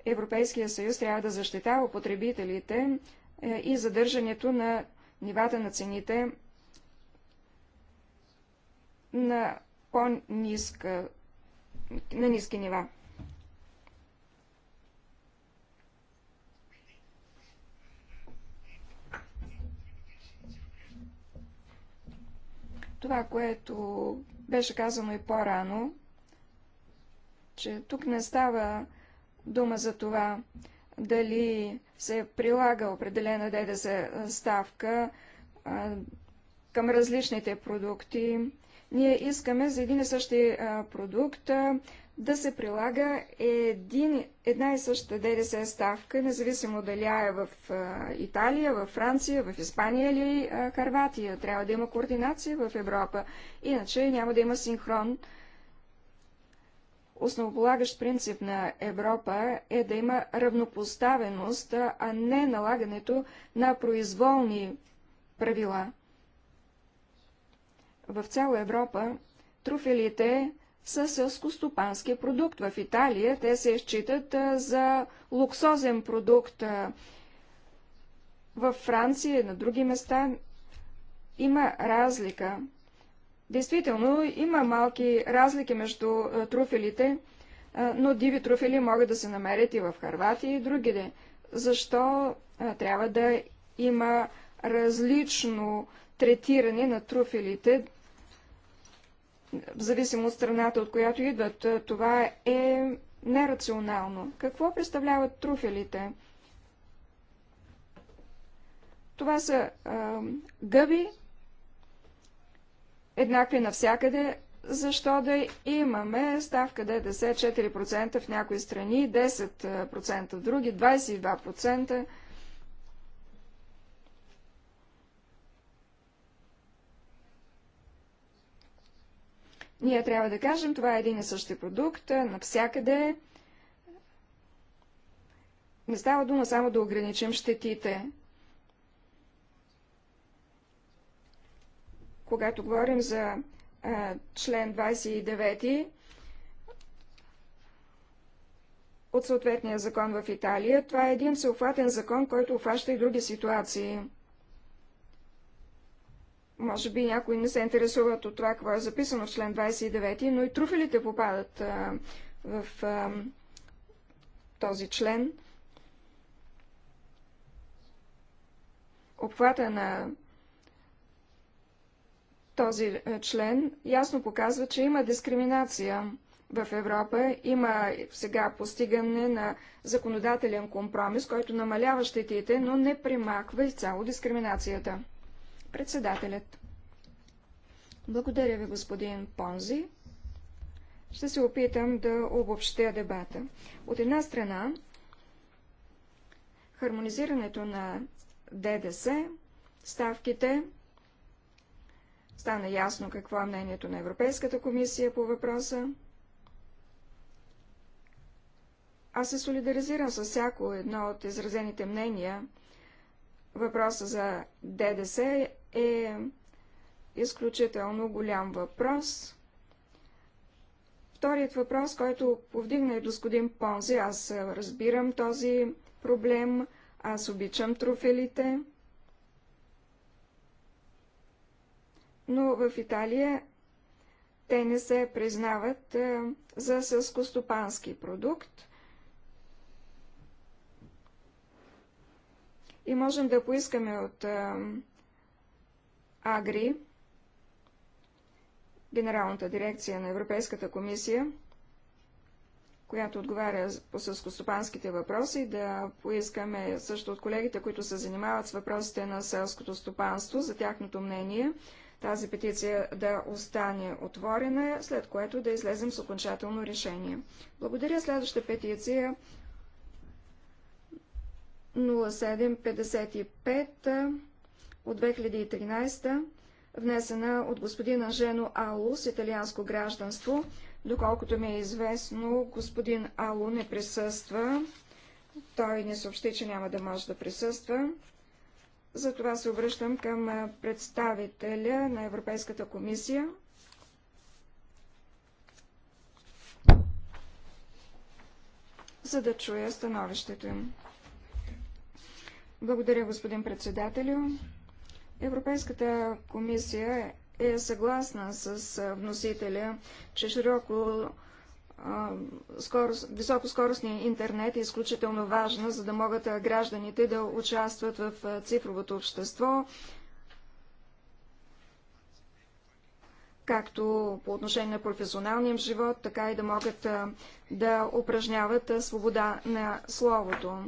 Европейския съюз трябва да защитава потребителите е, и задържането на нивата на цените на по-ниска, на ниски нива. Това, което беше казано и по-рано, че тук не става дума за това дали се прилага определена ДДС ставка а, към различните продукти. Ние искаме за един и същи а, продукт а, да се прилага един, една и съща ДДС ставка, независимо дали е в Италия, в Франция, в Испания или Харватия. Трябва да има координация в Европа, иначе няма да има синхрон основополагащ принцип на Европа е да има равнопоставеност, а не налагането на произволни правила. В цяла Европа труфелите са селскостопански продукт. В Италия те се считат за луксозен продукт. Във Франция и на други места има разлика. Действително, има малки разлики между е, труфелите, е, но диви труфели могат да се намерят и в Харватия и другите. Защо е, трябва да има различно третиране на труфелите, в зависимо от страната, от която идват? Това е нерационално. Какво представляват труфелите? Това са а, гъби, еднакви навсякъде, защо да имаме ставка ДДС 4% в някои страни, 10% в други, 22%. Ние трябва да кажем, това е един и същи продукт, навсякъде. Не става дума само да ограничим щетите. когато говорим за а, член 29 от съответния закон в Италия, това е един всеохватен закон, който обхваща и други ситуации. Може би някои не се интересуват от това, какво е записано в член 29, но и труфелите попадат а, в а, този член. Обхвата на този е, член ясно показва, че има дискриминация в Европа. Има сега постигане на законодателен компромис, който намалява щетите, но не примаква изцяло дискриминацията. Председателят. Благодаря ви, господин Понзи. Ще се опитам да обобщя дебата. От една страна, хармонизирането на ДДС, ставките Стана ясно какво е мнението на Европейската комисия по въпроса. Аз се солидаризирам с всяко едно от изразените мнения. Въпроса за ДДС е изключително голям въпрос. Вторият въпрос, който повдигна и господин Понзи, аз разбирам този проблем, аз обичам труфелите. но в Италия те не се признават за сълскостопански продукт. И можем да поискаме от Агри, Генералната дирекция на Европейската комисия, която отговаря по сълскостопанските въпроси, да поискаме също от колегите, които се занимават с въпросите на селското стопанство, за тяхното мнение – тази петиция да остане отворена, след което да излезем с окончателно решение. Благодаря. Следваща петиция 0755 от 2013, внесена от господина Жено Ало с италианско гражданство. Доколкото ми е известно, господин Ало не присъства. Той не съобщи, че няма да може да присъства. Затова се обръщам към представителя на Европейската комисия. за да чуя становището им. Благодаря, господин председателю. Европейската комисия е съгласна с вносителя, че широко скорост, високоскоростния интернет е изключително важна, за да могат гражданите да участват в цифровото общество, както по отношение на професионалния живот, така и да могат да упражняват свобода на словото.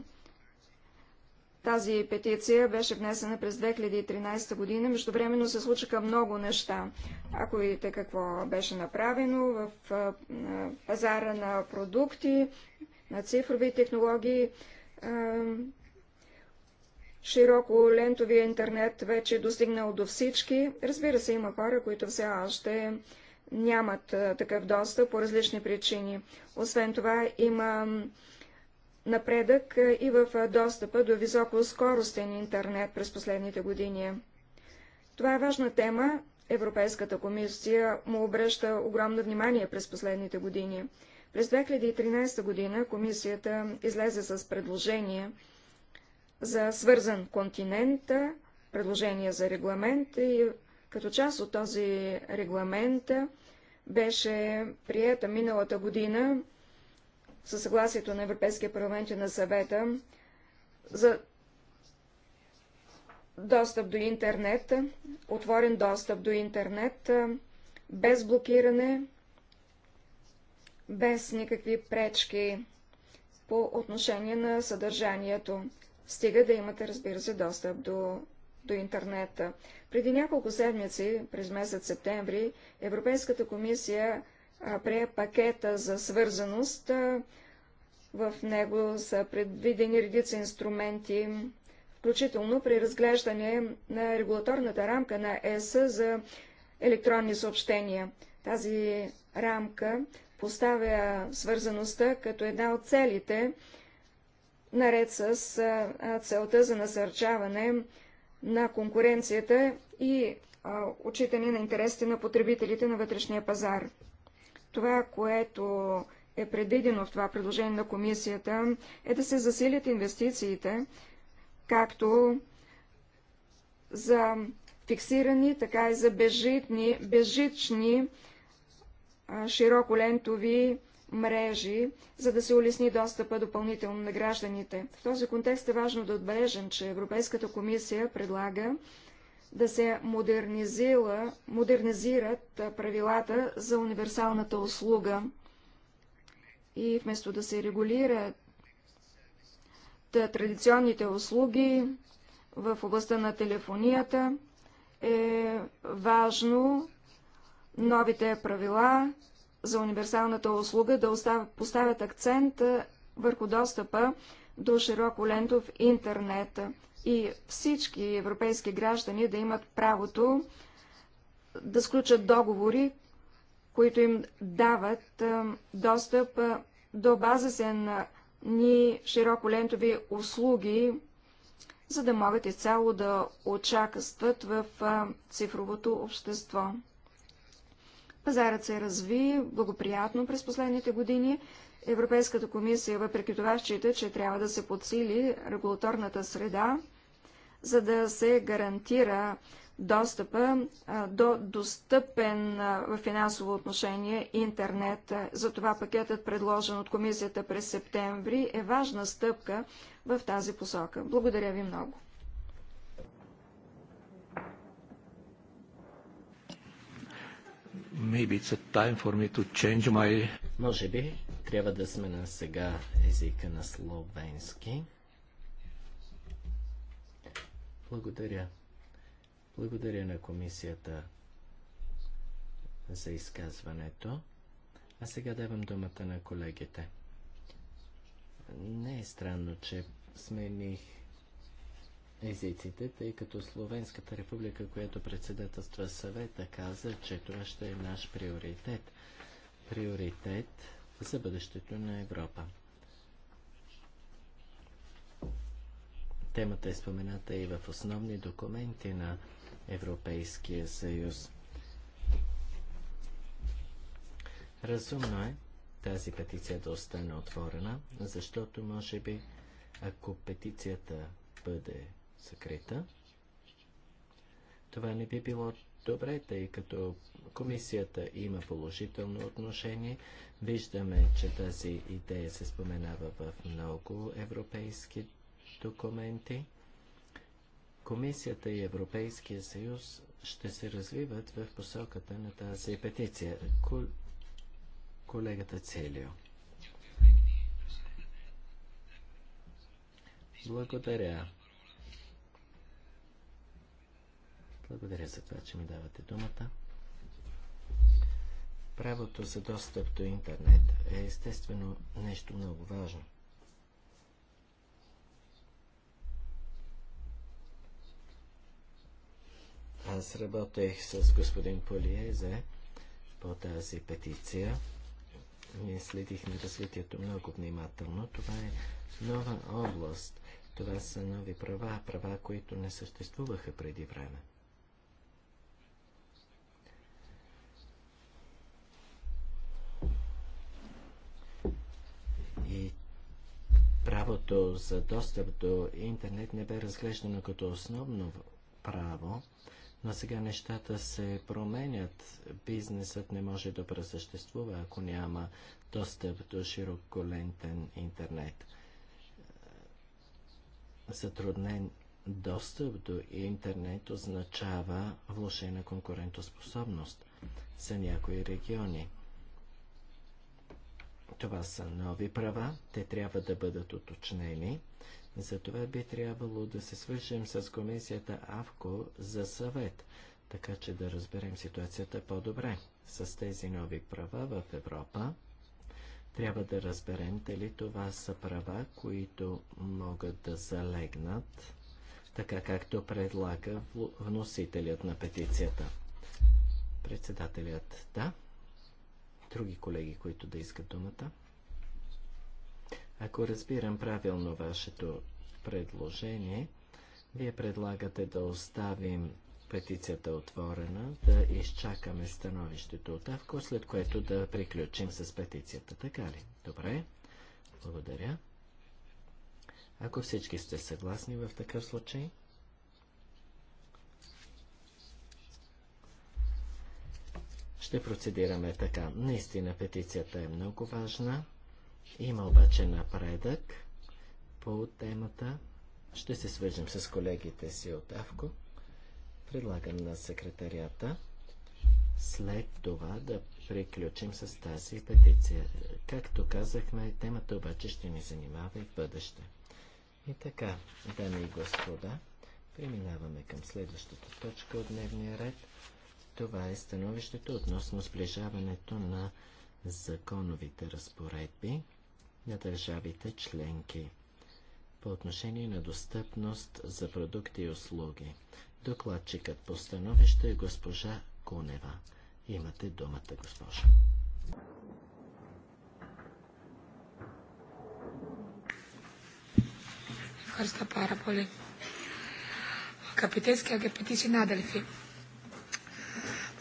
Тази петиция беше внесена през 2013 година. Междувременно се случиха много неща. Ако видите какво беше направено в пазара на продукти, на цифрови технологии, широко лентовия интернет вече е достигнал до всички. Разбира се, има хора, които все още нямат такъв достъп по различни причини. Освен това, има напредък е, и в е, достъпа до високоскоростен интернет през последните години. Това е важна тема. Европейската комисия му обръща огромно внимание през последните години. През 2013 година комисията излезе с предложение за свързан континент, предложение за регламент и като част от този регламент беше приета миналата година със съгласието на Европейския парламент и на съвета за достъп до интернет, отворен достъп до интернет, без блокиране, без никакви пречки по отношение на съдържанието. Стига да имате, разбира се, достъп до, до интернета. Преди няколко седмици, през месец септември, Европейската комисия прие пакета за свързаност. В него са предвидени редица инструменти, включително при разглеждане на регулаторната рамка на ЕС за електронни съобщения. Тази рамка поставя свързаността като една от целите, наред с целта за насърчаване на конкуренцията и отчитане на интересите на потребителите на вътрешния пазар. Това, което е предвидено в това предложение на комисията, е да се засилят инвестициите, както за фиксирани, така и за безжитни, безжични широколентови мрежи, за да се улесни достъпа допълнително на гражданите. В този контекст е важно да отбележим, че Европейската комисия предлага да се модернизират правилата за универсалната услуга и вместо да се регулират традиционните услуги в областта на телефонията, е важно новите правила за универсалната услуга да поставят акцент върху достъпа до широко лентов интернет и всички европейски граждани да имат правото да сключат договори, които им дават достъп до базисен ни широколентови услуги, за да могат изцяло да очакват в цифровото общество. Пазарът се разви благоприятно през последните години. Европейската комисия въпреки това счита, че трябва да се подсили регулаторната среда, за да се гарантира достъпа до достъпен в финансово отношение интернет. Затова пакетът, предложен от комисията през септември, е важна стъпка в тази посока. Благодаря ви много. Maybe it's a time for me to change my... Може би трябва да сме на сега езика на словенски. Благодаря. Благодаря на комисията за изказването. А сега давам думата на колегите. Не е странно, че смених езиците, тъй като Словенската република, която председателства съвета, каза, че това ще е наш приоритет. Приоритет за бъдещето на Европа. Темата е спомената и в основни документи на Европейския съюз. Разумно е тази петиция да остане отворена, защото може би, ако петицията бъде закрита, това не би било добре, тъй като комисията има положително отношение. Виждаме, че тази идея се споменава в много европейски документи. Комисията и Европейския съюз ще се развиват в посоката на тази петиция. Кол... Колегата Целио. Благодаря. Благодаря за това, че ми давате думата. Правото за достъп до интернет е естествено нещо много важно. Аз работех с господин Полиезе по тази петиция ние следихме развитието много внимателно. Това е нова област. Това са нови права, права, които не съществуваха преди време. И правото за достъп до интернет не бе разглеждано като основно право, но сега нещата се променят. Бизнесът не може да съществува, ако няма достъп до широколентен интернет. Затруднен достъп до интернет означава влошена конкурентоспособност за някои региони. Това са нови права, те трябва да бъдат уточнени. Затова би трябвало да се свържем с комисията АВКО за съвет, така че да разберем ситуацията по-добре. С тези нови права в Европа трябва да разберем дали това са права, които могат да залегнат, така както предлага вносителят на петицията. Председателят, да други колеги, които да искат думата? Ако разбирам правилно вашето предложение, вие предлагате да оставим петицията отворена, да изчакаме становището от Авко, след което да приключим с петицията. Така ли? Добре. Благодаря. Ако всички сте съгласни в такъв случай, ще процедираме така. Наистина петицията е много важна. Има обаче напредък по темата. Ще се свържим с колегите си от АВКО. Предлагам на секретарията след това да приключим с тази петиция. Както казахме, темата обаче ще ни занимава и в бъдеще. И така, дами и господа, преминаваме към следващата точка от дневния ред – това е становището относно сближаването на законовите разпоредби на държавите членки по отношение на достъпност за продукти и услуги. Докладчикът по становище е госпожа Кунева. Имате думата, госпожа. Хърста пара, поле. Αγαπητές και αγαπητοί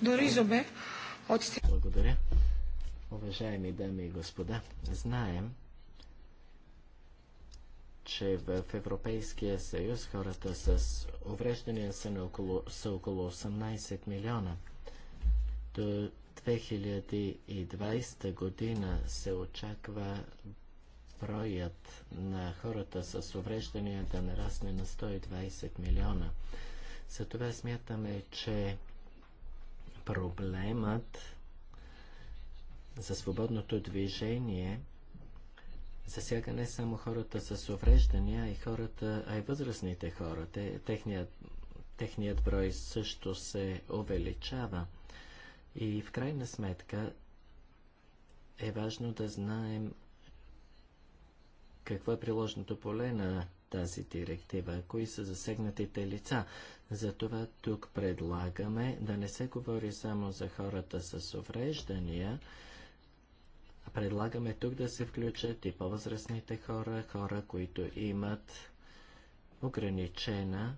Доризобе от... Благодаря. Уважаеми дами и господа, знаем, че в Европейския съюз хората с увреждания са, на около, са около 18 милиона. До 2020 година се очаква броят на хората с увреждания да нарасне на 120 милиона. Затова смятаме, че проблемът за свободното движение засяга не само хората с увреждания, а и хората, а и възрастните хора. Те, техният, техният брой също се увеличава. И в крайна сметка е важно да знаем какво е приложното поле на тази директива, кои са засегнатите лица. Затова тук предлагаме да не се говори само за хората с увреждания, а предлагаме тук да се включат и по-възрастните хора, хора, които имат ограничена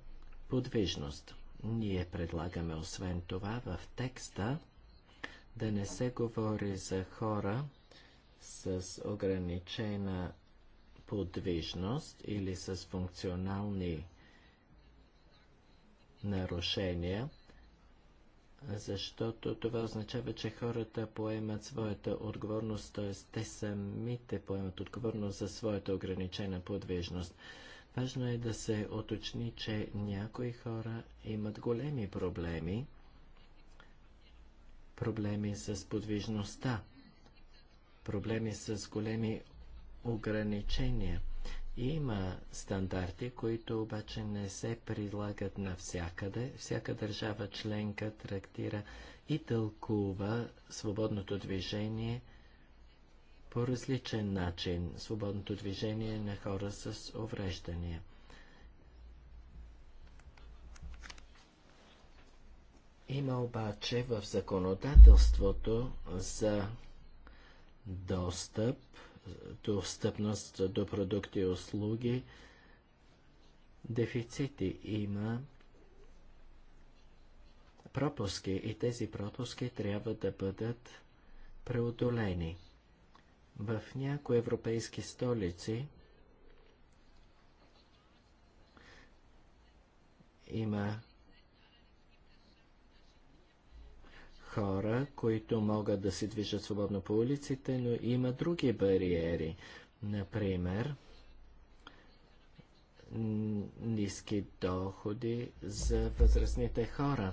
подвижност. Ние предлагаме освен това в текста да не се говори за хора с ограничена подвижност или с функционални нарушения, защото това означава, че хората поемат своята отговорност, т.е. те самите поемат отговорност за своята ограничена подвижност. Важно е да се оточни, че някои хора имат големи проблеми, проблеми с подвижността, проблеми с големи ограничения. Има стандарти, които обаче не се прилагат навсякъде. Всяка държава членка трактира и тълкува свободното движение по различен начин. Свободното движение на хора с увреждания. Има обаче в законодателството за достъп достъпност до продукти и услуги. Дефицити има пропуски и тези пропуски трябва да бъдат преодолени. В някои европейски столици има хора, които могат да се движат свободно по улиците, но има други бариери. Например, ниски доходи за възрастните хора.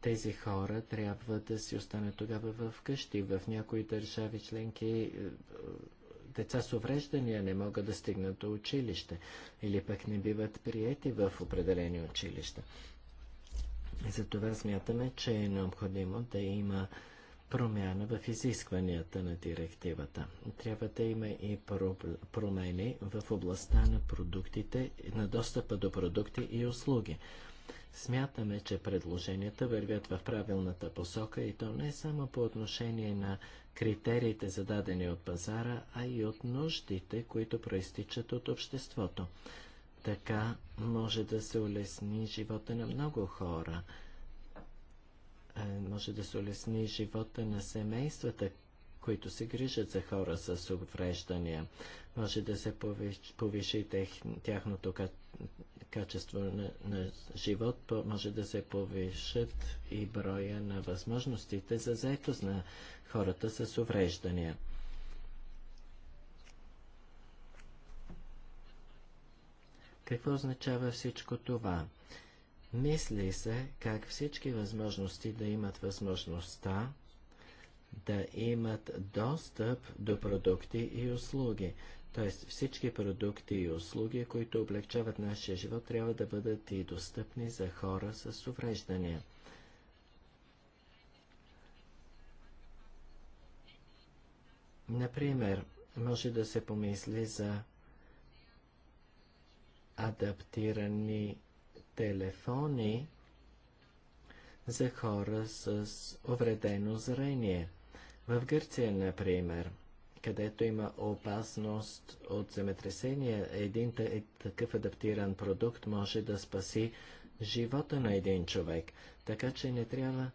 Тези хора трябва да си останат тогава в къщи. В някои държави членки е, деца с увреждания не могат да стигнат до училище или пък не биват приети в определени училища. Затова смятаме, че е необходимо да има промяна в изискванията на директивата. Трябва да има и промени в областта на продуктите, на достъпа до продукти и услуги. Смятаме, че предложенията вървят в правилната посока и то не само по отношение на критериите зададени от пазара, а и от нуждите, които проистичат от обществото. Така може да се улесни живота на много хора. Е, може да се улесни живота на семействата, които се грижат за хора с увреждания. Може да се повиши, повиши тех, тяхното ка, качество на, на живот, може да се повишат и броя на възможностите за заетост на хората с увреждания. Какво означава всичко това? Мисли се как всички възможности да имат възможността да имат достъп до продукти и услуги. Т.е. всички продукти и услуги, които облегчават нашия живот, трябва да бъдат и достъпни за хора с увреждания. Например, може да се помисли за адаптирани телефони за хора с увредено зрение. В Гърция, например, където има опасност от земетресение, един е- такъв адаптиран продукт може да спаси живота на един човек. Така че не трябва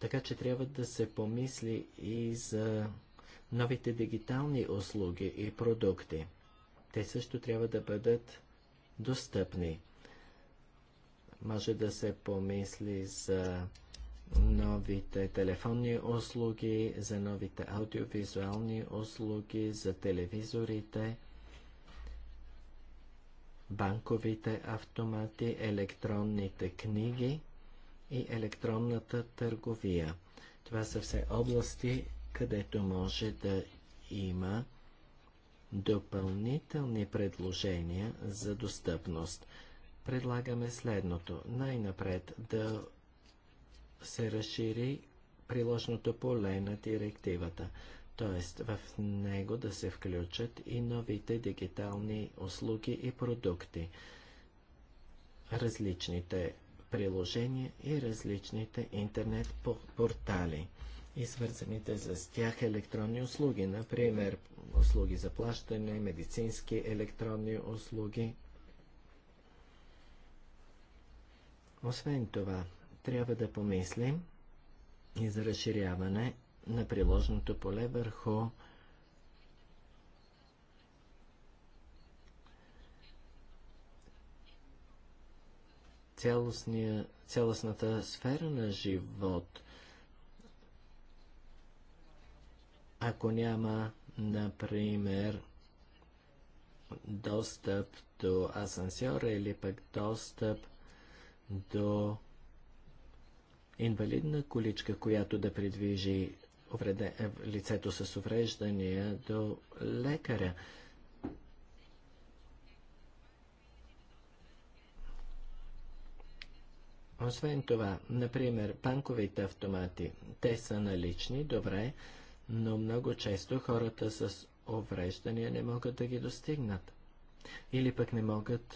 така че трябва да се помисли и за новите дигитални услуги и продукти те също трябва да бъдат достъпни. Може да се помисли за новите телефонни услуги, за новите аудиовизуални услуги, за телевизорите, банковите автомати, електронните книги и електронната търговия. Това са все области, където може да има допълнителни предложения за достъпност. Предлагаме следното. Най-напред да се разшири приложното поле на директивата, т.е. в него да се включат и новите дигитални услуги и продукти, различните приложения и различните интернет портали и свързаните с тях електронни услуги, например услуги за плащане, медицински електронни услуги. Освен това, трябва да помислим и за разширяване на приложното поле върху цялостната сфера на живот – ако няма, например, достъп до асансьора или пък достъп до инвалидна количка, която да придвижи е, лицето с увреждания до лекаря. Освен това, например, банковите автомати, те са налични, добре, но много често хората с увреждания не могат да ги достигнат. Или пък не могат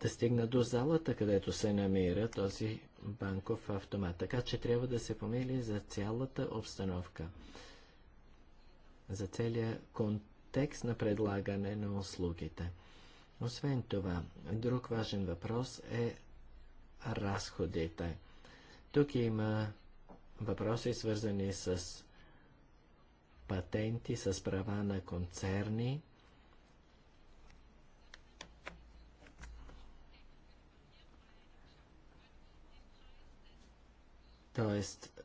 да стигнат до залата, където се намира този банков автомат. Така че трябва да се помили за цялата обстановка, за целия контекст на предлагане на услугите. Освен това, друг важен въпрос е разходите. Тук има въпроси, свързани с патенти, с права на концерни. Тоест,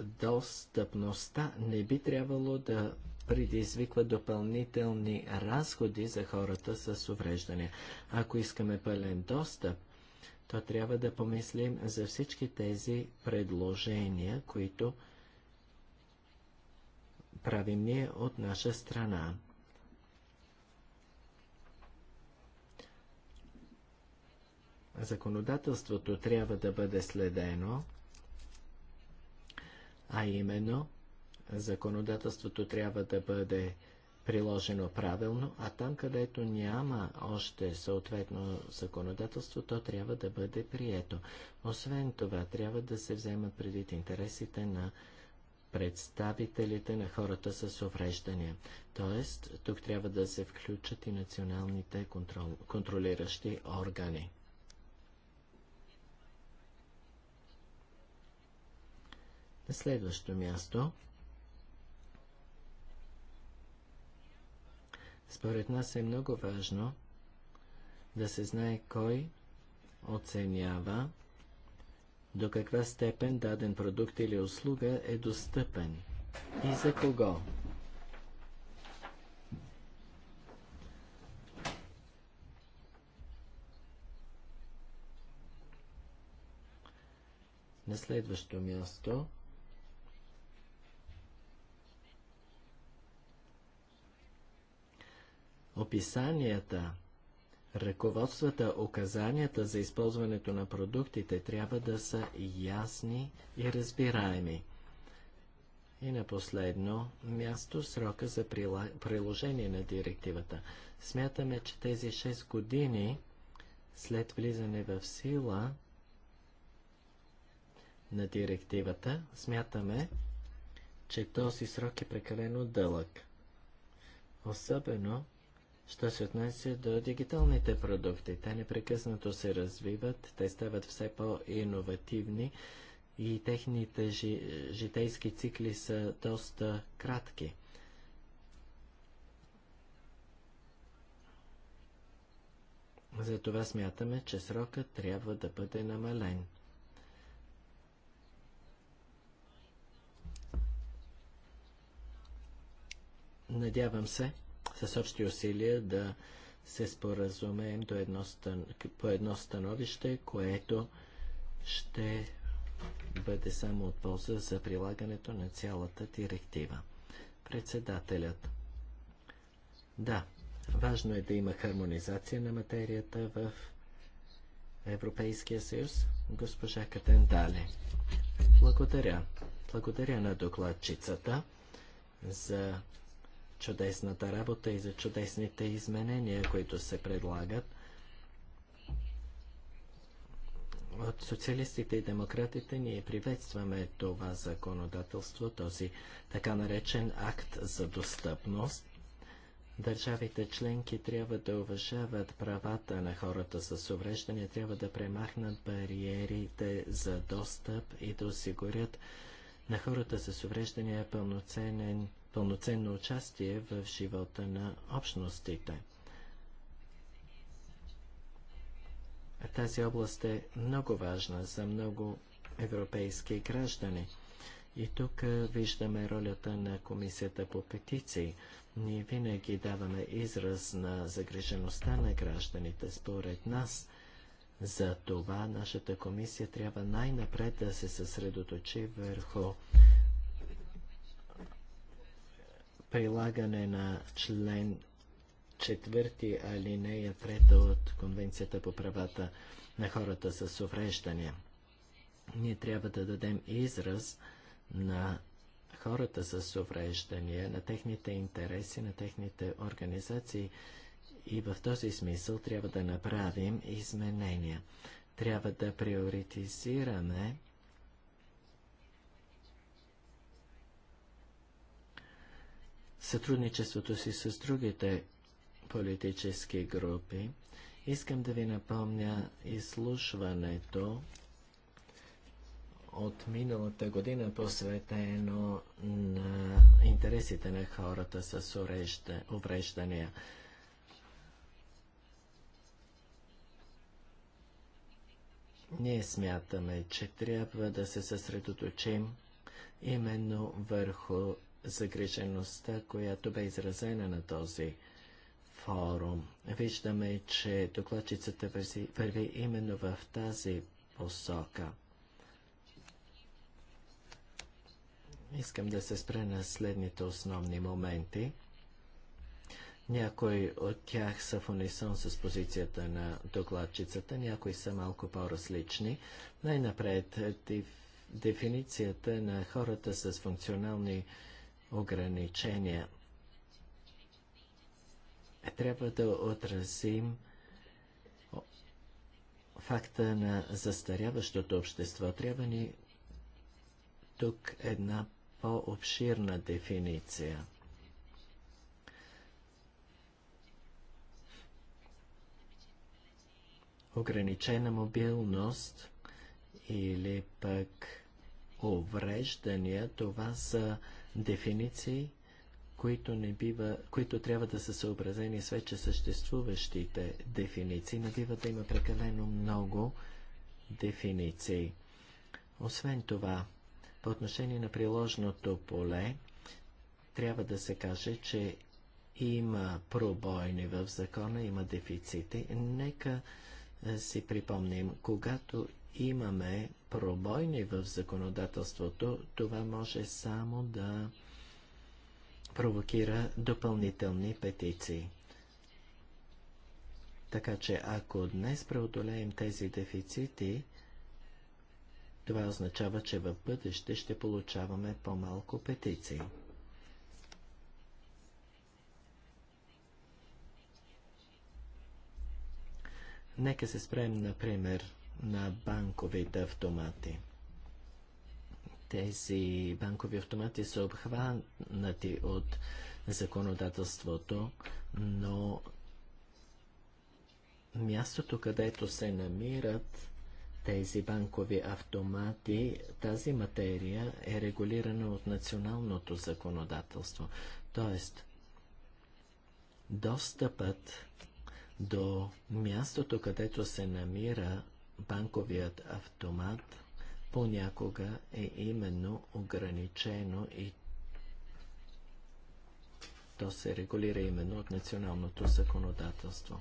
достъпността не би трябвало да предизвиква допълнителни разходи за хората с увреждания. Ако искаме пълен достъп, то трябва да помислим за всички тези предложения, които правим ние от наша страна. Законодателството трябва да бъде следено, а именно законодателството трябва да бъде приложено правилно, а там, където няма още съответно законодателство, то трябва да бъде прието. Освен това, трябва да се вземат предвид интересите на представителите на хората с увреждания. Тоест, тук трябва да се включат и националните контрол, контролиращи органи. На следващо място Според нас е много важно да се знае кой оценява до каква степен даден продукт или услуга е достъпен и за кого. На следващо място описанията, ръководствата, указанията за използването на продуктите трябва да са ясни и разбираеми. И на последно място срока за приложение на директивата. Смятаме, че тези 6 години след влизане в сила на директивата, смятаме, че този срок е прекалено дълъг. Особено Що се отнася до дигиталните продукти, те непрекъснато се развиват, те стават все по-инновативни и техните жи, житейски цикли са доста кратки. Затова смятаме, че срокът трябва да бъде намален. Надявам се, с общи усилия да се споразумеем до едно, по едно становище, което ще бъде само от полза за прилагането на цялата директива. Председателят. Да, важно е да има хармонизация на материята в Европейския съюз. Госпожа Катендале. Благодаря. Благодаря на докладчицата за чудесната работа и за чудесните изменения, които се предлагат. От социалистите и демократите ние приветстваме това законодателство, този така наречен акт за достъпност. Държавите членки трябва да уважават правата на хората с увреждания, трябва да премахнат бариерите за достъп и да осигурят на хората с увреждания пълноценен пълноценно участие в живота на общностите. Тази област е много важна за много европейски граждани. И тук виждаме ролята на Комисията по петиции. Ние винаги даваме израз на загрижеността на гражданите. Според нас, за това нашата комисия трябва най-напред да се съсредоточи върху прилагане на член 4 алинея 3 от Конвенцията по правата на хората с увреждания. Ние трябва да дадем израз на хората с увреждания, на техните интереси, на техните организации и в този смисъл трябва да направим изменения. Трябва да приоритизираме сътрудничеството си с другите политически групи, искам да ви напомня изслушването от миналата година посветено на интересите на хората с увреждания. Ние смятаме, че трябва да се съсредоточим именно върху загрижеността, която бе изразена на този форум. Виждаме, че докладчицата върви именно в тази посока. Искам да се спре на следните основни моменти. Някои от тях са в унисон с позицията на докладчицата, някои са малко по-различни. Най-напред дефиницията на хората с функционални ограничения. Трябва да отразим факта на застаряващото общество. Трябва ни тук една по-обширна дефиниция. Ограничена мобилност или пък увреждания, това са дефиниции, които, не бива, които трябва да са съобразени с вече съществуващите дефиниции. Не бива да има прекалено много дефиниции. Освен това, по отношение на приложното поле, трябва да се каже, че има пробойни в закона, има дефицити. Нека си припомним, когато имаме пробойни в законодателството, това може само да провокира допълнителни петиции. Така че ако днес преодолеем тези дефицити, това означава, че в бъдеще ще получаваме по-малко петиции. Нека се спрем, например, на банковите автомати. Тези банкови автомати са обхванати от законодателството, но мястото, където се намират тези банкови автомати, тази материя е регулирана от националното законодателство. Тоест, достъпът до мястото, където се намира банковият автомат понякога е именно ограничено и то се регулира именно от националното законодателство.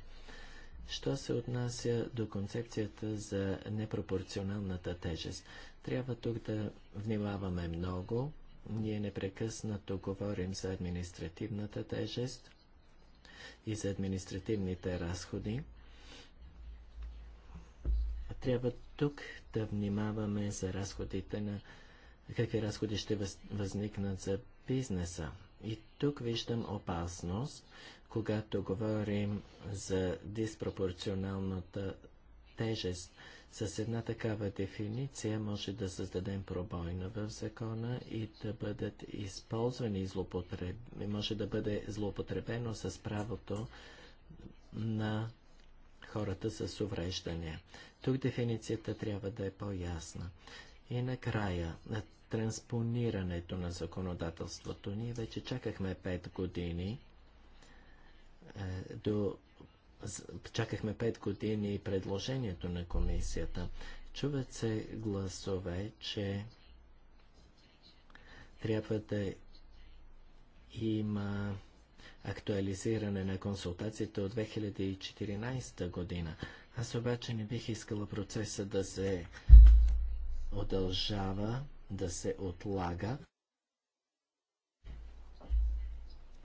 Що се отнася до концепцията за непропорционалната тежест? Трябва тук да внимаваме много. Ние непрекъснато говорим за административната тежест и за административните разходи трябва тук да внимаваме за разходите на какви разходи ще възникнат за бизнеса. И тук виждам опасност, когато говорим за диспропорционалната тежест. С една такава дефиниция може да създадем пробойна в закона и да бъдат използвани злоупотреб... може да бъде злоупотребено с правото на хората с увреждания. Тук дефиницията трябва да е по-ясна. И накрая, на транспонирането на законодателството. Ние вече чакахме 5 години е, до чакахме 5 години и предложението на комисията. Чуват се гласове, че трябва да има актуализиране на консултациите от 2014 година. Аз обаче не бих искала процеса да се удължава, да се отлага.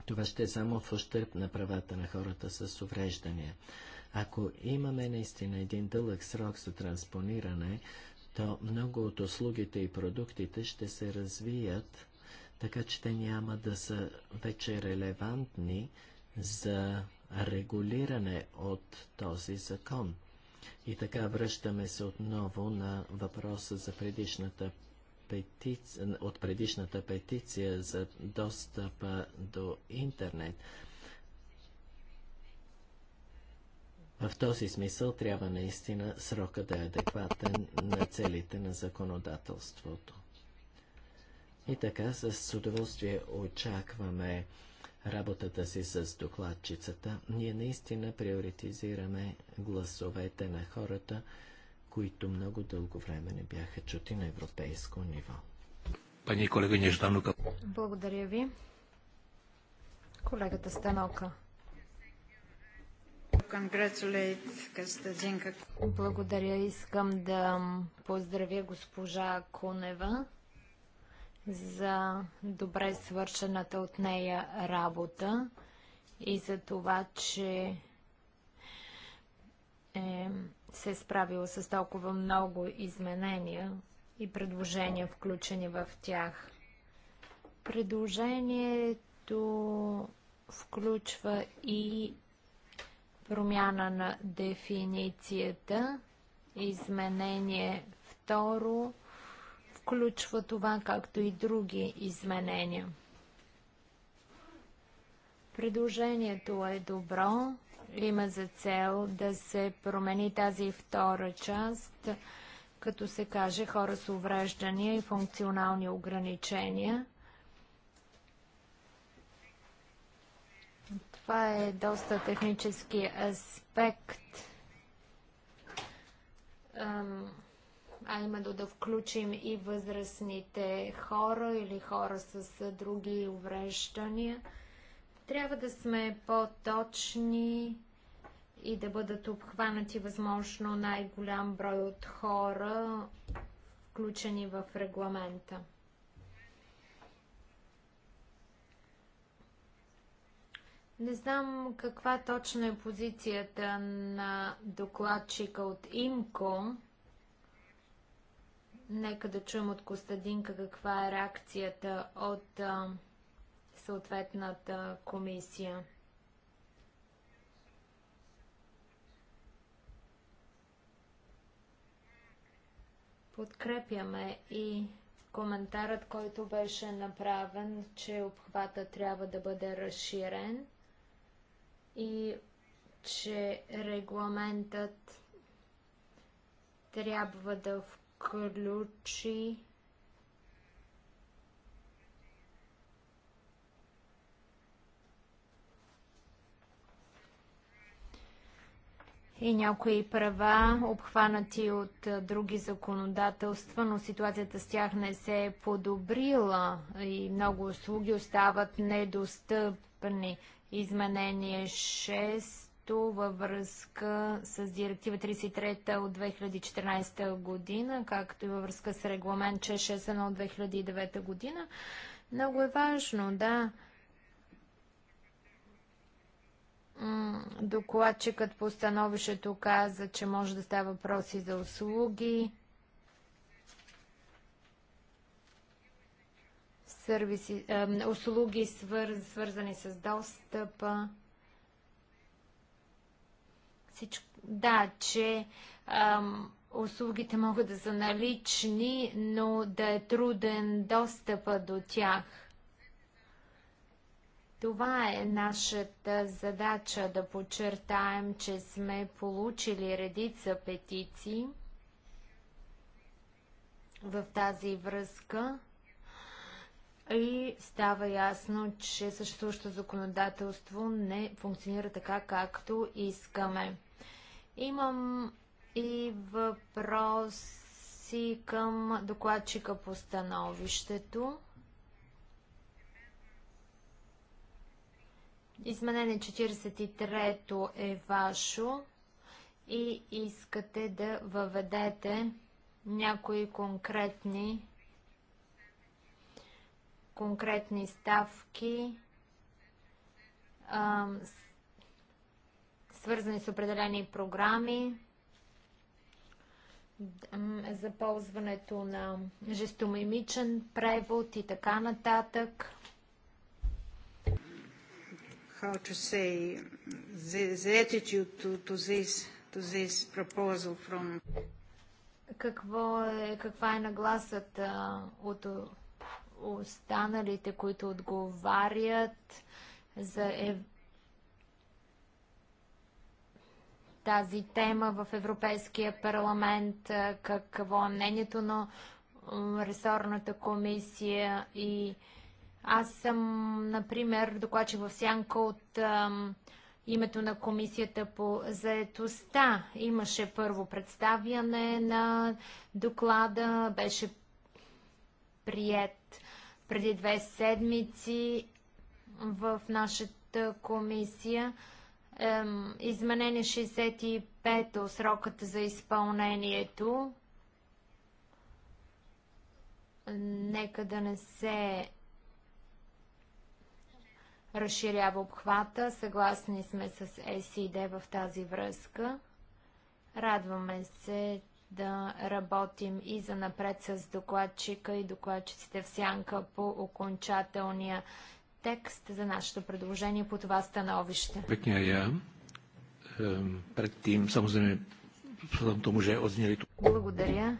Това ще е само в ущърп на правата на хората с увреждания. Ако имаме наистина един дълъг срок за транспониране, то много от услугите и продуктите ще се развият така че те няма да са вече релевантни за регулиране от този закон. И така връщаме се отново на въпроса за предишната петиция, от предишната петиция за достъпа до интернет. В този смисъл трябва наистина срока да е адекватен на целите на законодателството. И така с удоволствие очакваме работата си с докладчицата. Ние наистина приоритизираме гласовете на хората, които много дълго време не бяха чути на европейско ниво. Пани колега Нежданука. Благодаря ви. Колегата Станока. Благодаря. Искам да поздравя госпожа Конева за добре свършената от нея работа и за това, че е, се е справила с толкова много изменения и предложения, включени в тях. Предложението включва и промяна на дефиницията, изменение второ включва това, както и други изменения. Предложението е добро, има за цел да се промени тази втора част, като се каже хора с увреждания и функционални ограничения. Това е доста технически аспект. Um а именно да включим и възрастните хора или хора с други увреждания. Трябва да сме по-точни и да бъдат обхванати възможно най-голям брой от хора, включени в регламента. Не знам каква точно е позицията на докладчика от ИМКО. Нека да чуем от Костадинка каква е реакцията от а, съответната комисия. Подкрепяме и коментарът, който беше направен, че обхвата трябва да бъде разширен и че регламентът трябва да включи включи и някои права, обхванати от други законодателства, но ситуацията с тях не се е подобрила и много услуги остават недостъпни. Изменение 6 също във връзка с директива 33 от 2014 година, както и във връзка с регламент 661 от 2009 година. Много е важно, да. Докладчикът по становището каза, че може да става въпроси за услуги, сервиси, е, услуги свър... свързани с достъпа всичко, да, че ам, услугите могат да са налични, но да е труден достъпа до тях. Това е нашата задача да подчертаем, че сме получили редица петиции в тази връзка и става ясно, че съществуващото законодателство не функционира така, както искаме. Имам и въпроси към докладчика по становището. Изменение 43-то е вашо и искате да въведете някои конкретни конкретни ставки, свързани с определени програми за ползването на жестомимичен превод и така нататък. How to say the, the attitude to, to this to this proposal from какво е, каква е нагласата от останалите, които отговарят за тази тема в Европейския парламент, какво е мнението на ресорната комисия и аз съм, например, докладчик в сянка от името на комисията по заетостта. Имаше първо представяне на доклада, беше прият преди две седмици в нашата комисия. Изменение 65 срокът за изпълнението. Нека да не се разширява обхвата. Съгласни сме с SID в тази връзка. Радваме се да работим и за напред с докладчика и докладчиците в сянка по окончателния текст за нашето предложение по това становище. Pekne aj само за samozrejme vzhľadom то може odzneli тук. Благодаря.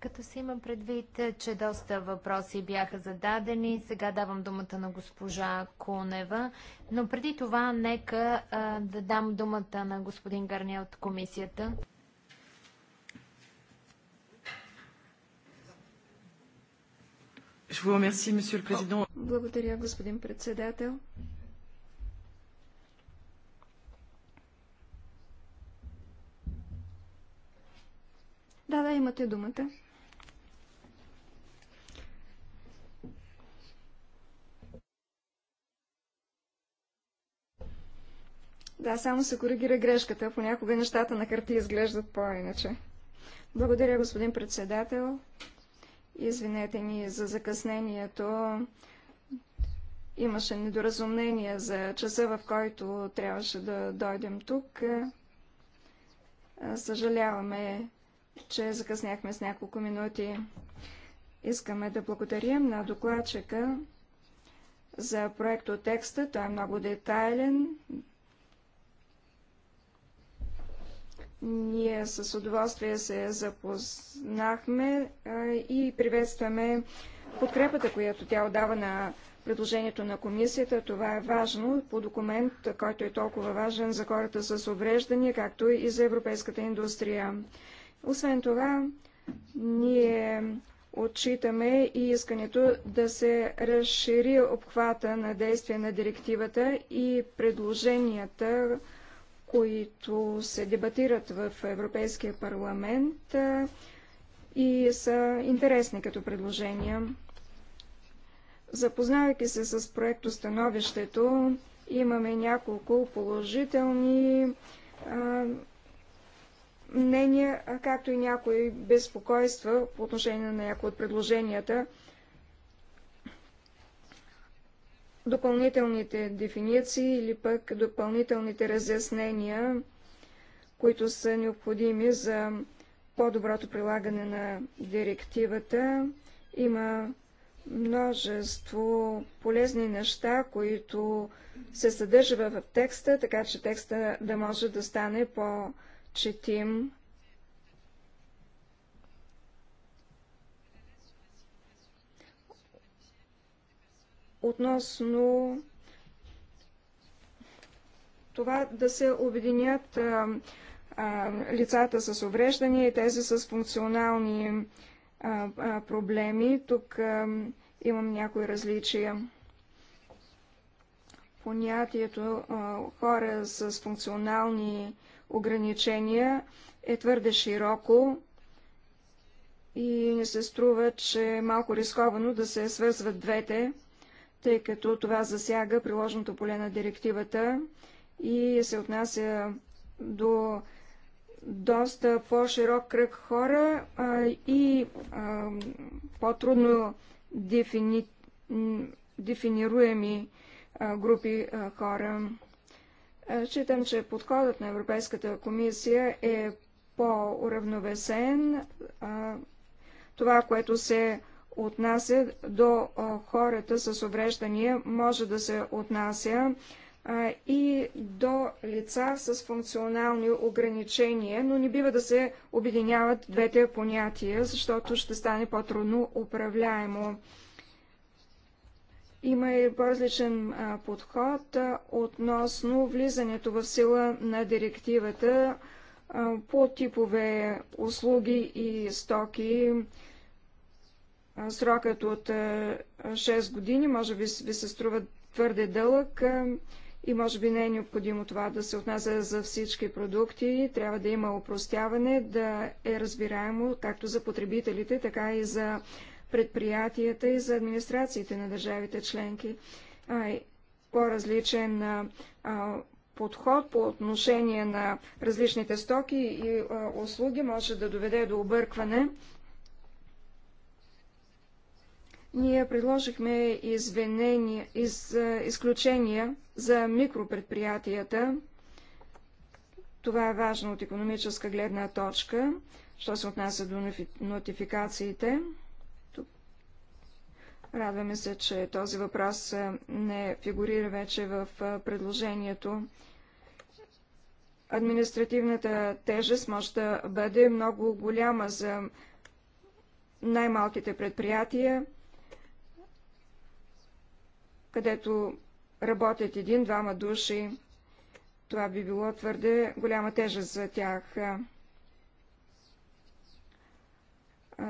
Като се има предвид, че доста въпроси бяха зададени, сега давам думата на госпожа Кунева, но преди това нека а, да дам думата на господин Гарния от комисията. Благодаря, господин председател. Да, да, имате думата. Да, само се коригира грешката. Понякога нещата на хартия изглеждат по-иначе. Благодаря, господин председател. Извинете ни за закъснението. Имаше недоразумение за часа, в който трябваше да дойдем тук. Съжаляваме, че закъсняхме с няколко минути. Искаме да благодарим на докладчика за проекто текста. Той е много детайлен, Ние с удоволствие се запознахме и приветстваме подкрепата, която тя отдава на предложението на комисията. Това е важно по документ, който е толкова важен за хората с увреждания, както и за европейската индустрия. Освен това, ние отчитаме и искането да се разшири обхвата на действие на директивата и предложенията, които се дебатират в Европейския парламент и са интересни като предложения. Запознавайки се с проекто становището, имаме няколко положителни а, мнения, както и някои безпокойства по отношение на някои от предложенията. допълнителните дефиниции или пък допълнителните разяснения, които са необходими за по-доброто прилагане на директивата. Има множество полезни неща, които се съдържа в текста, така че текста да може да стане по-четим относно това да се обединят а, а, лицата с увреждания и тези с функционални а, а, проблеми. Тук а, имам някои различия. Понятието а, хора с функционални ограничения е твърде широко и не се струва, че е малко рисковано да се свързват двете тъй като това засяга приложеното поле на директивата и се отнася до доста по-широк кръг хора а, и по-трудно дефини... дефинируеми а, групи а, хора. Считам, че подходът на Европейската комисия е по-уравновесен. Това, което се отнася до хората с увреждания, може да се отнася и до лица с функционални ограничения, но не бива да се обединяват двете понятия, защото ще стане по-трудно управляемо. Има и по-различен подход относно влизането в сила на директивата по типове услуги и стоки, срокът от 6 е, години може би ви се струва твърде дълъг е, и може би не е необходимо това да се отнася за всички продукти. Трябва да има упростяване, да е разбираемо както за потребителите, така и за предприятията и за администрациите на държавите членки. По-различен подход по отношение на различните стоки и услуги може да доведе до объркване. Ние предложихме из, изключения за микропредприятията. Това е важно от економическа гледна точка, що се отнася до нотификациите. Радваме се, че този въпрос не фигурира вече в предложението. Административната тежест може да бъде много голяма за най-малките предприятия, където работят един-двама души. Това би било твърде голяма тежест за тях.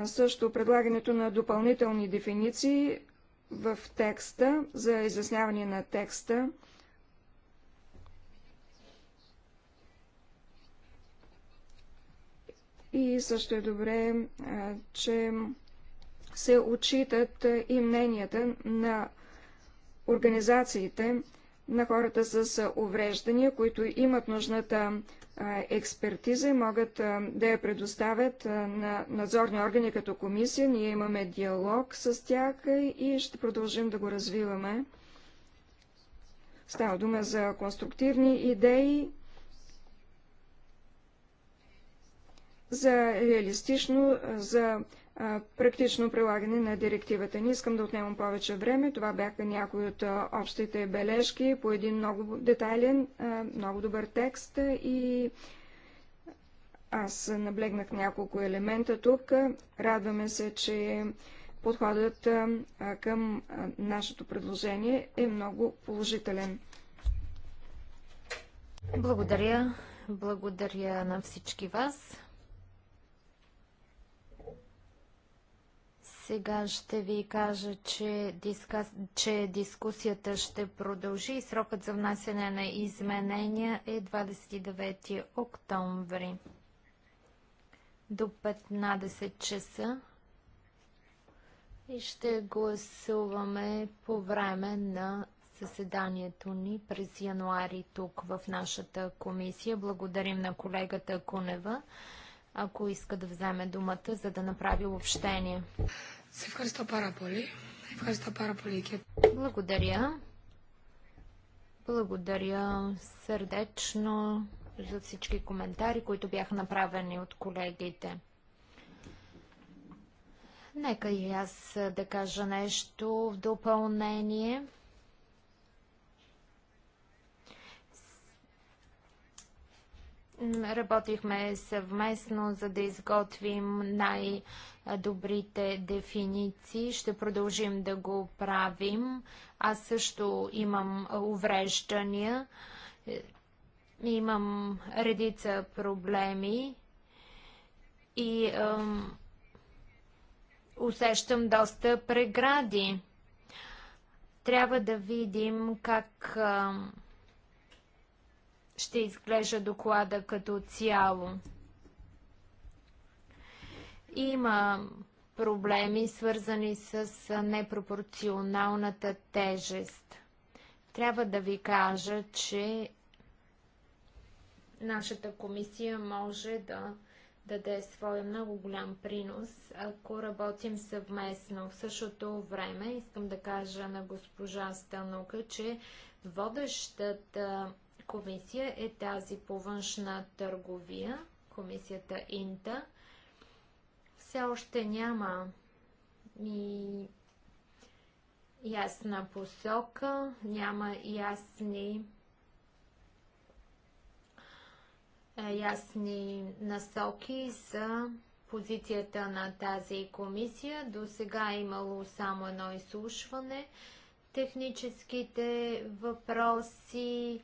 Също предлагането на допълнителни дефиниции в текста, за изясняване на текста. И също е добре, че се отчитат и мненията на организациите на хората с увреждания, които имат нужната експертиза и могат да я предоставят на надзорни органи като комисия. Ние имаме диалог с тях и ще продължим да го развиваме. Става дума за конструктивни идеи, за реалистично, за практично прилагане на директивата. Не искам да отнемам повече време. Това бяха някои от общите бележки по един много детайлен, много добър текст и аз наблегнах няколко елемента тук. Радваме се, че подходът към нашето предложение е много положителен. Благодаря. Благодаря на всички вас. Сега ще ви кажа, че, диска... че дискусията ще продължи и срокът за внасяне на изменения е 29 октомври до 15 часа и ще гласуваме по време на съседанието ни през януари тук в нашата комисия. Благодарим на колегата Кунева, ако иска да вземе думата, за да направи общение. Се ευχαριστώ πάρα πολύ. Ευχαριστώ πάρα πολύ και... Благодаря. Благодаря сърдечно за всички коментари, които бяха направени от колегите. Нека и аз да кажа нещо в допълнение. Работихме съвместно, за да изготвим най- добрите дефиниции. Ще продължим да го правим. Аз също имам увреждания. Е, имам редица проблеми и ам, усещам доста прегради. Трябва да видим как ам, ще изглежда доклада като цяло. Има проблеми, свързани с непропорционалната тежест. Трябва да ви кажа, че нашата комисия може да даде своя много голям принос, ако работим съвместно. В същото време искам да кажа на госпожа Станука, че водещата комисия е тази по външна търговия, комисията Инта – все още няма и ясна посока, няма ясни е, ясни насоки за позицията на тази комисия. До сега е имало само едно изслушване. Техническите въпроси,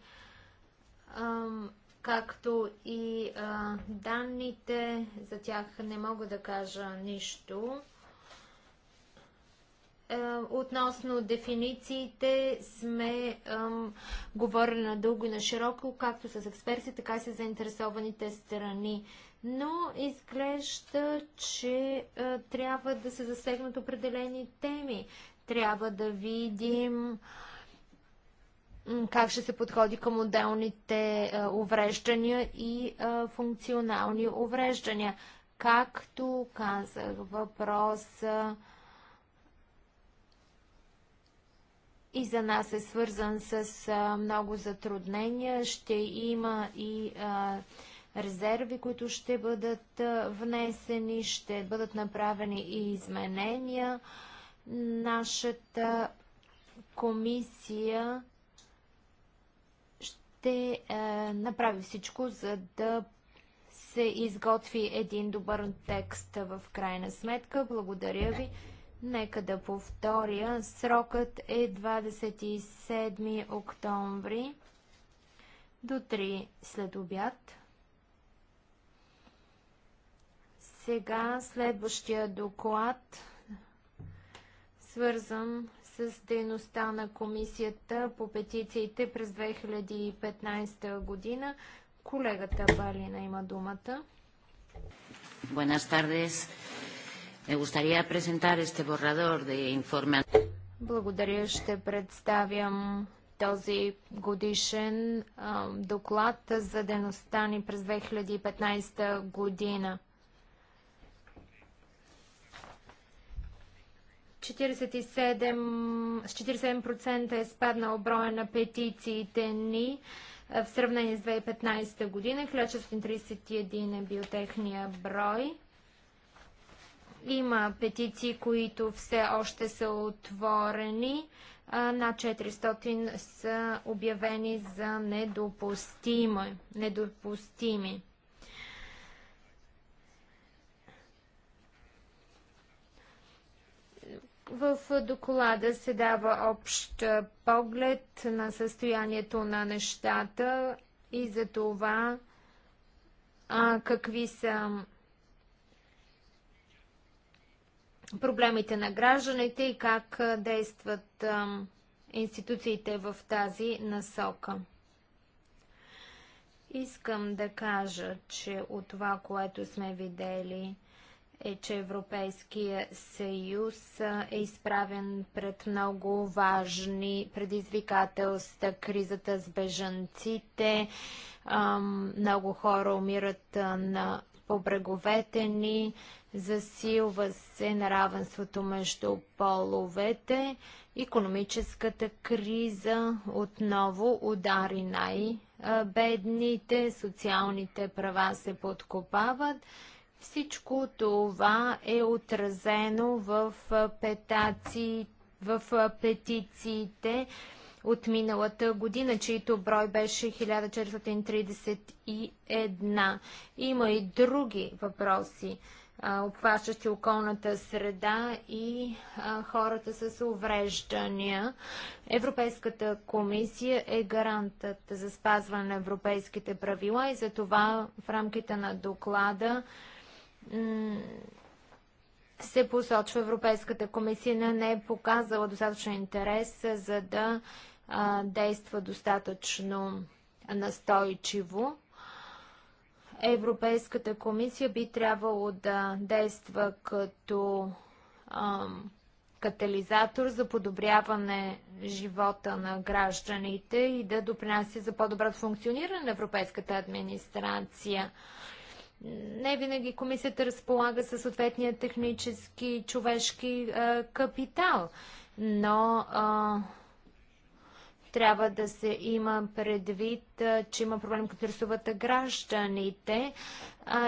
както и а, данните. За тях не мога да кажа нищо. Е, относно дефинициите сме ам, говорили дълго и на широко, както с експерти, така и с заинтересованите страни. Но изглежда, че а, трябва да се засегнат определени теми. Трябва да видим как ще се подходи към отделните е, увреждания и е, функционални увреждания. Както казах, въпрос е, и за нас е свързан с много затруднения. Ще има и резерви, които ще бъдат внесени, ще бъдат направени и изменения. Нашата комисия ще е, направи всичко, за да се изготви един добър текст в крайна сметка. Благодаря ви. Нека да повторя. Срокът е 27 октомври до 3 след обяд. Сега следващия доклад свързан с дейността на комисията по петициите през 2015 година. Колегата Балина има думата. Buenas tardes. Me gustaría presentar este borrador de informe. Благодаря. Ще представям този годишен а, доклад за дейността ни през 2015 година. 47, с 47% е спаднал броя на петициите ни е, в сравнение с 2015 година. 1631 е бил техния брой. Има петиции, които все още са отворени. На 400 са обявени за недопустими. недопустими. В доклада се дава общ поглед на състоянието на нещата и за това а, какви са проблемите на гражданите и как действат а, институциите в тази насока. Искам да кажа, че от това, което сме видели е, че Европейския съюз е изправен пред много важни предизвикателства. Кризата с бежанците, много хора умират на побреговете ни, засилва се неравенството между половете. Економическата криза отново удари най-бедните, социалните права се подкопават всичко това е отразено в, петации, в петициите от миналата година, чието брой беше 1431. Има и други въпроси, обхващащи околната среда и хората с увреждания. Европейската комисия е гарантът за спазване на европейските правила и за това в рамките на доклада се посочва Европейската комисия не, не е показала достатъчно интерес, за да действа достатъчно настойчиво. Европейската комисия би трябвало да действа като катализатор за подобряване живота на гражданите и да допринася за по-доброто функциониране на европейската администрация. Не винаги комисията разполага със съответния технически, човешки капитал, но а, трябва да се има предвид, че има проблем, като рисуват гражданите.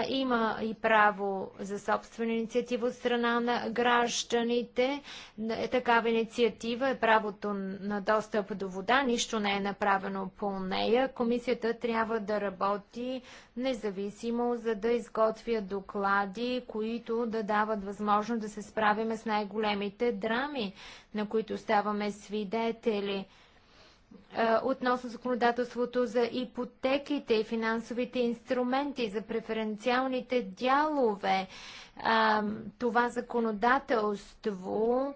има и право за собствена инициатива от страна на гражданите. Е, такава инициатива е правото на достъп до вода. Нищо не е направено по нея. Комисията трябва да работи независимо, за да изготвя доклади, които да дават възможност да се справиме с най-големите драми, на които ставаме свидетели. Е, относно законодателството за ипотеките и финансовите инструменти, за преференциалните дялове. Това законодателство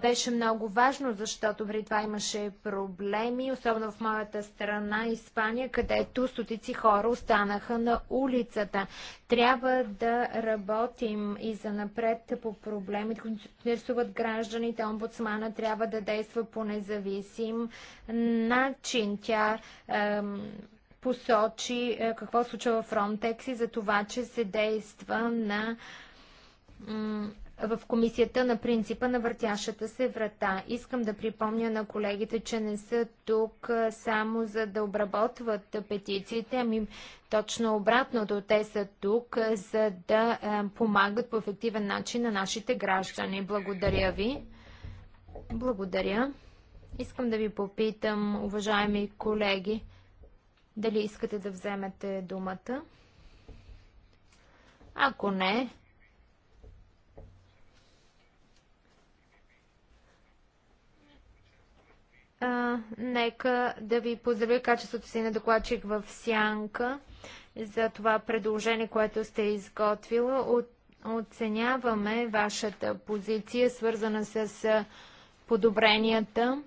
беше много важно, защото при това имаше проблеми, особено в моята страна Испания, където стотици хора останаха на улицата. Трябва да работим и за напред по проблемите, които интересуват гражданите. Омбудсмана трябва да действа по независим начин. Тя посочи е, какво случва в Фронтекс и за това, че се действа на в комисията на принципа на въртящата се врата. Искам да припомня на колегите, че не са тук само за да обработват петициите, ами точно обратното, те са тук за да помагат по ефективен начин на нашите граждани. Благодаря ви. Благодаря. Искам да ви попитам, уважаеми колеги, дали искате да вземете думата? Ако не, А, нека да ви поздравя качеството си на докладчик в Сянка за това предложение, което сте изготвила. От, оценяваме вашата позиция, свързана с подобренията,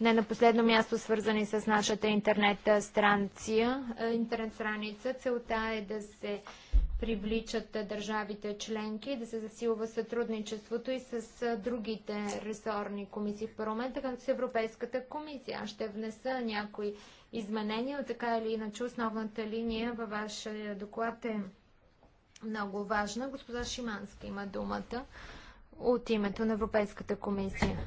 не на последно място свързани с нашата интернет страница. Интернет страница. Целта е да се привличат държавите членки, да се засилва сътрудничеството и с другите ресорни комисии в парламента, както с Европейската комисия. Аз ще внеса някои изменения, така или иначе основната линия във вашия доклад е много важна. Госпожа Шиманска има думата от името на Европейската комисия.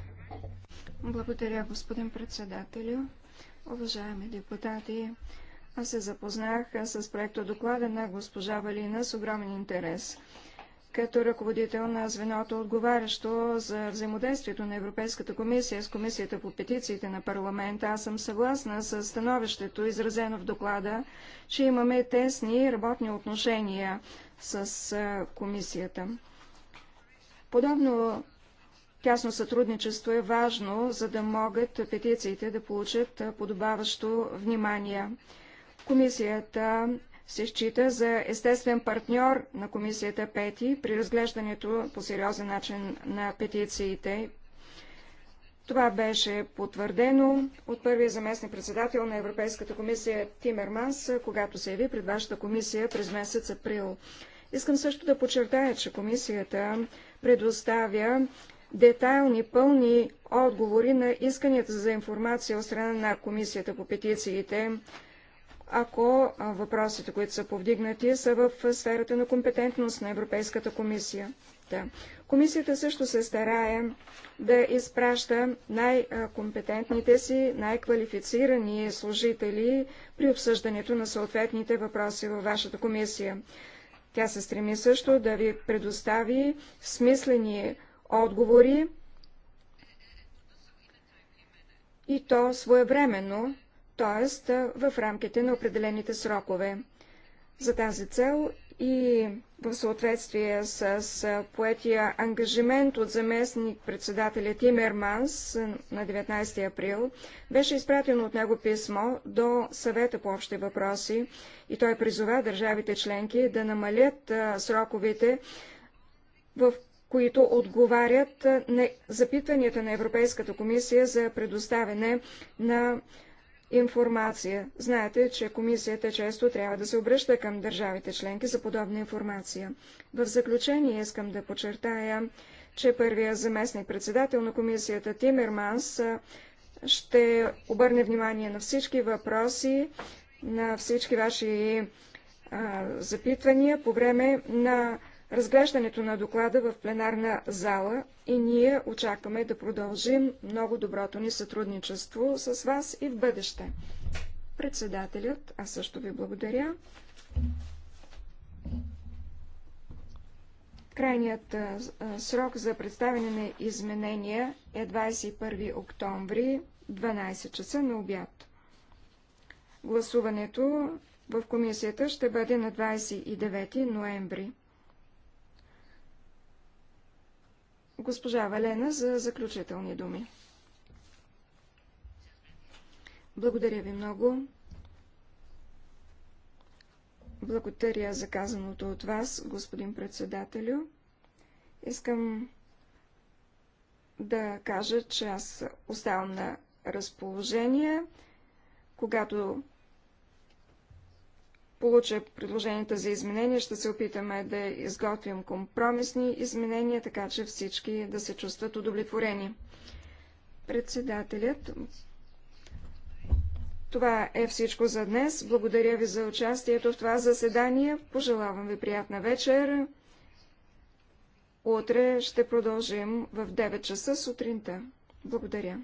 Благодаря, господин председателю. Уважаеми депутати, аз се запознах с проекта доклада на госпожа Валина с огромен интерес. Като ръководител на звеното, отговарящо за взаимодействието на Европейската комисия с Комисията по петициите на парламента, аз съм съгласна с становището, изразено в доклада, че имаме тесни работни отношения с комисията. Подобно тясно сътрудничество е важно, за да могат петициите да получат подобаващо внимание. Комисията се счита за естествен партньор на комисията Пети при разглеждането по сериозен начин на петициите. Това беше потвърдено от първия заместник председател на Европейската комисия Тимерманс, когато се яви пред вашата комисия през месец април. Искам също да подчертая, че комисията предоставя детайлни, пълни отговори на исканията за информация от страна на комисията по петициите, ако въпросите, които са повдигнати, са в сферата на компетентност на Европейската комисия. Да. Комисията също се старае да изпраща най-компетентните си, най-квалифицирани служители при обсъждането на съответните въпроси във вашата комисия. Тя се стреми също да ви предостави смислени отговори и то своевременно, т.е. в рамките на определените срокове. За тази цел и в съответствие с поетия ангажимент от заместник председателя Тимерманс на 19 април, беше изпратено от него писмо до съвета по общи въпроси и той призова държавите членки да намалят сроковете, в които отговарят на запитванията на Европейската комисия за предоставяне на информация. Знаете, че комисията често трябва да се обръща към държавите членки за подобна информация. В заключение искам да подчертая, че първия заместник председател на комисията Тимерманс ще обърне внимание на всички въпроси, на всички ваши а, запитвания по време на разглеждането на доклада в пленарна зала и ние очакваме да продължим много доброто ни сътрудничество с вас и в бъдеще. Председателят, аз също ви благодаря. Крайният срок за представяне на изменения е 21 октомври, 12 часа на обяд. Гласуването в комисията ще бъде на 29 ноември. госпожа Валена за заключителни думи. Благодаря ви много. Благодаря за казаното от вас, господин председателю. Искам да кажа, че аз оставам на разположение, когато получа предложенията за изменения, ще се опитаме да изготвим компромисни изменения, така че всички да се чувстват удовлетворени. Председателят, това е всичко за днес. Благодаря ви за участието в това заседание. Пожелавам ви приятна вечер. Утре ще продължим в 9 часа сутринта. Благодаря.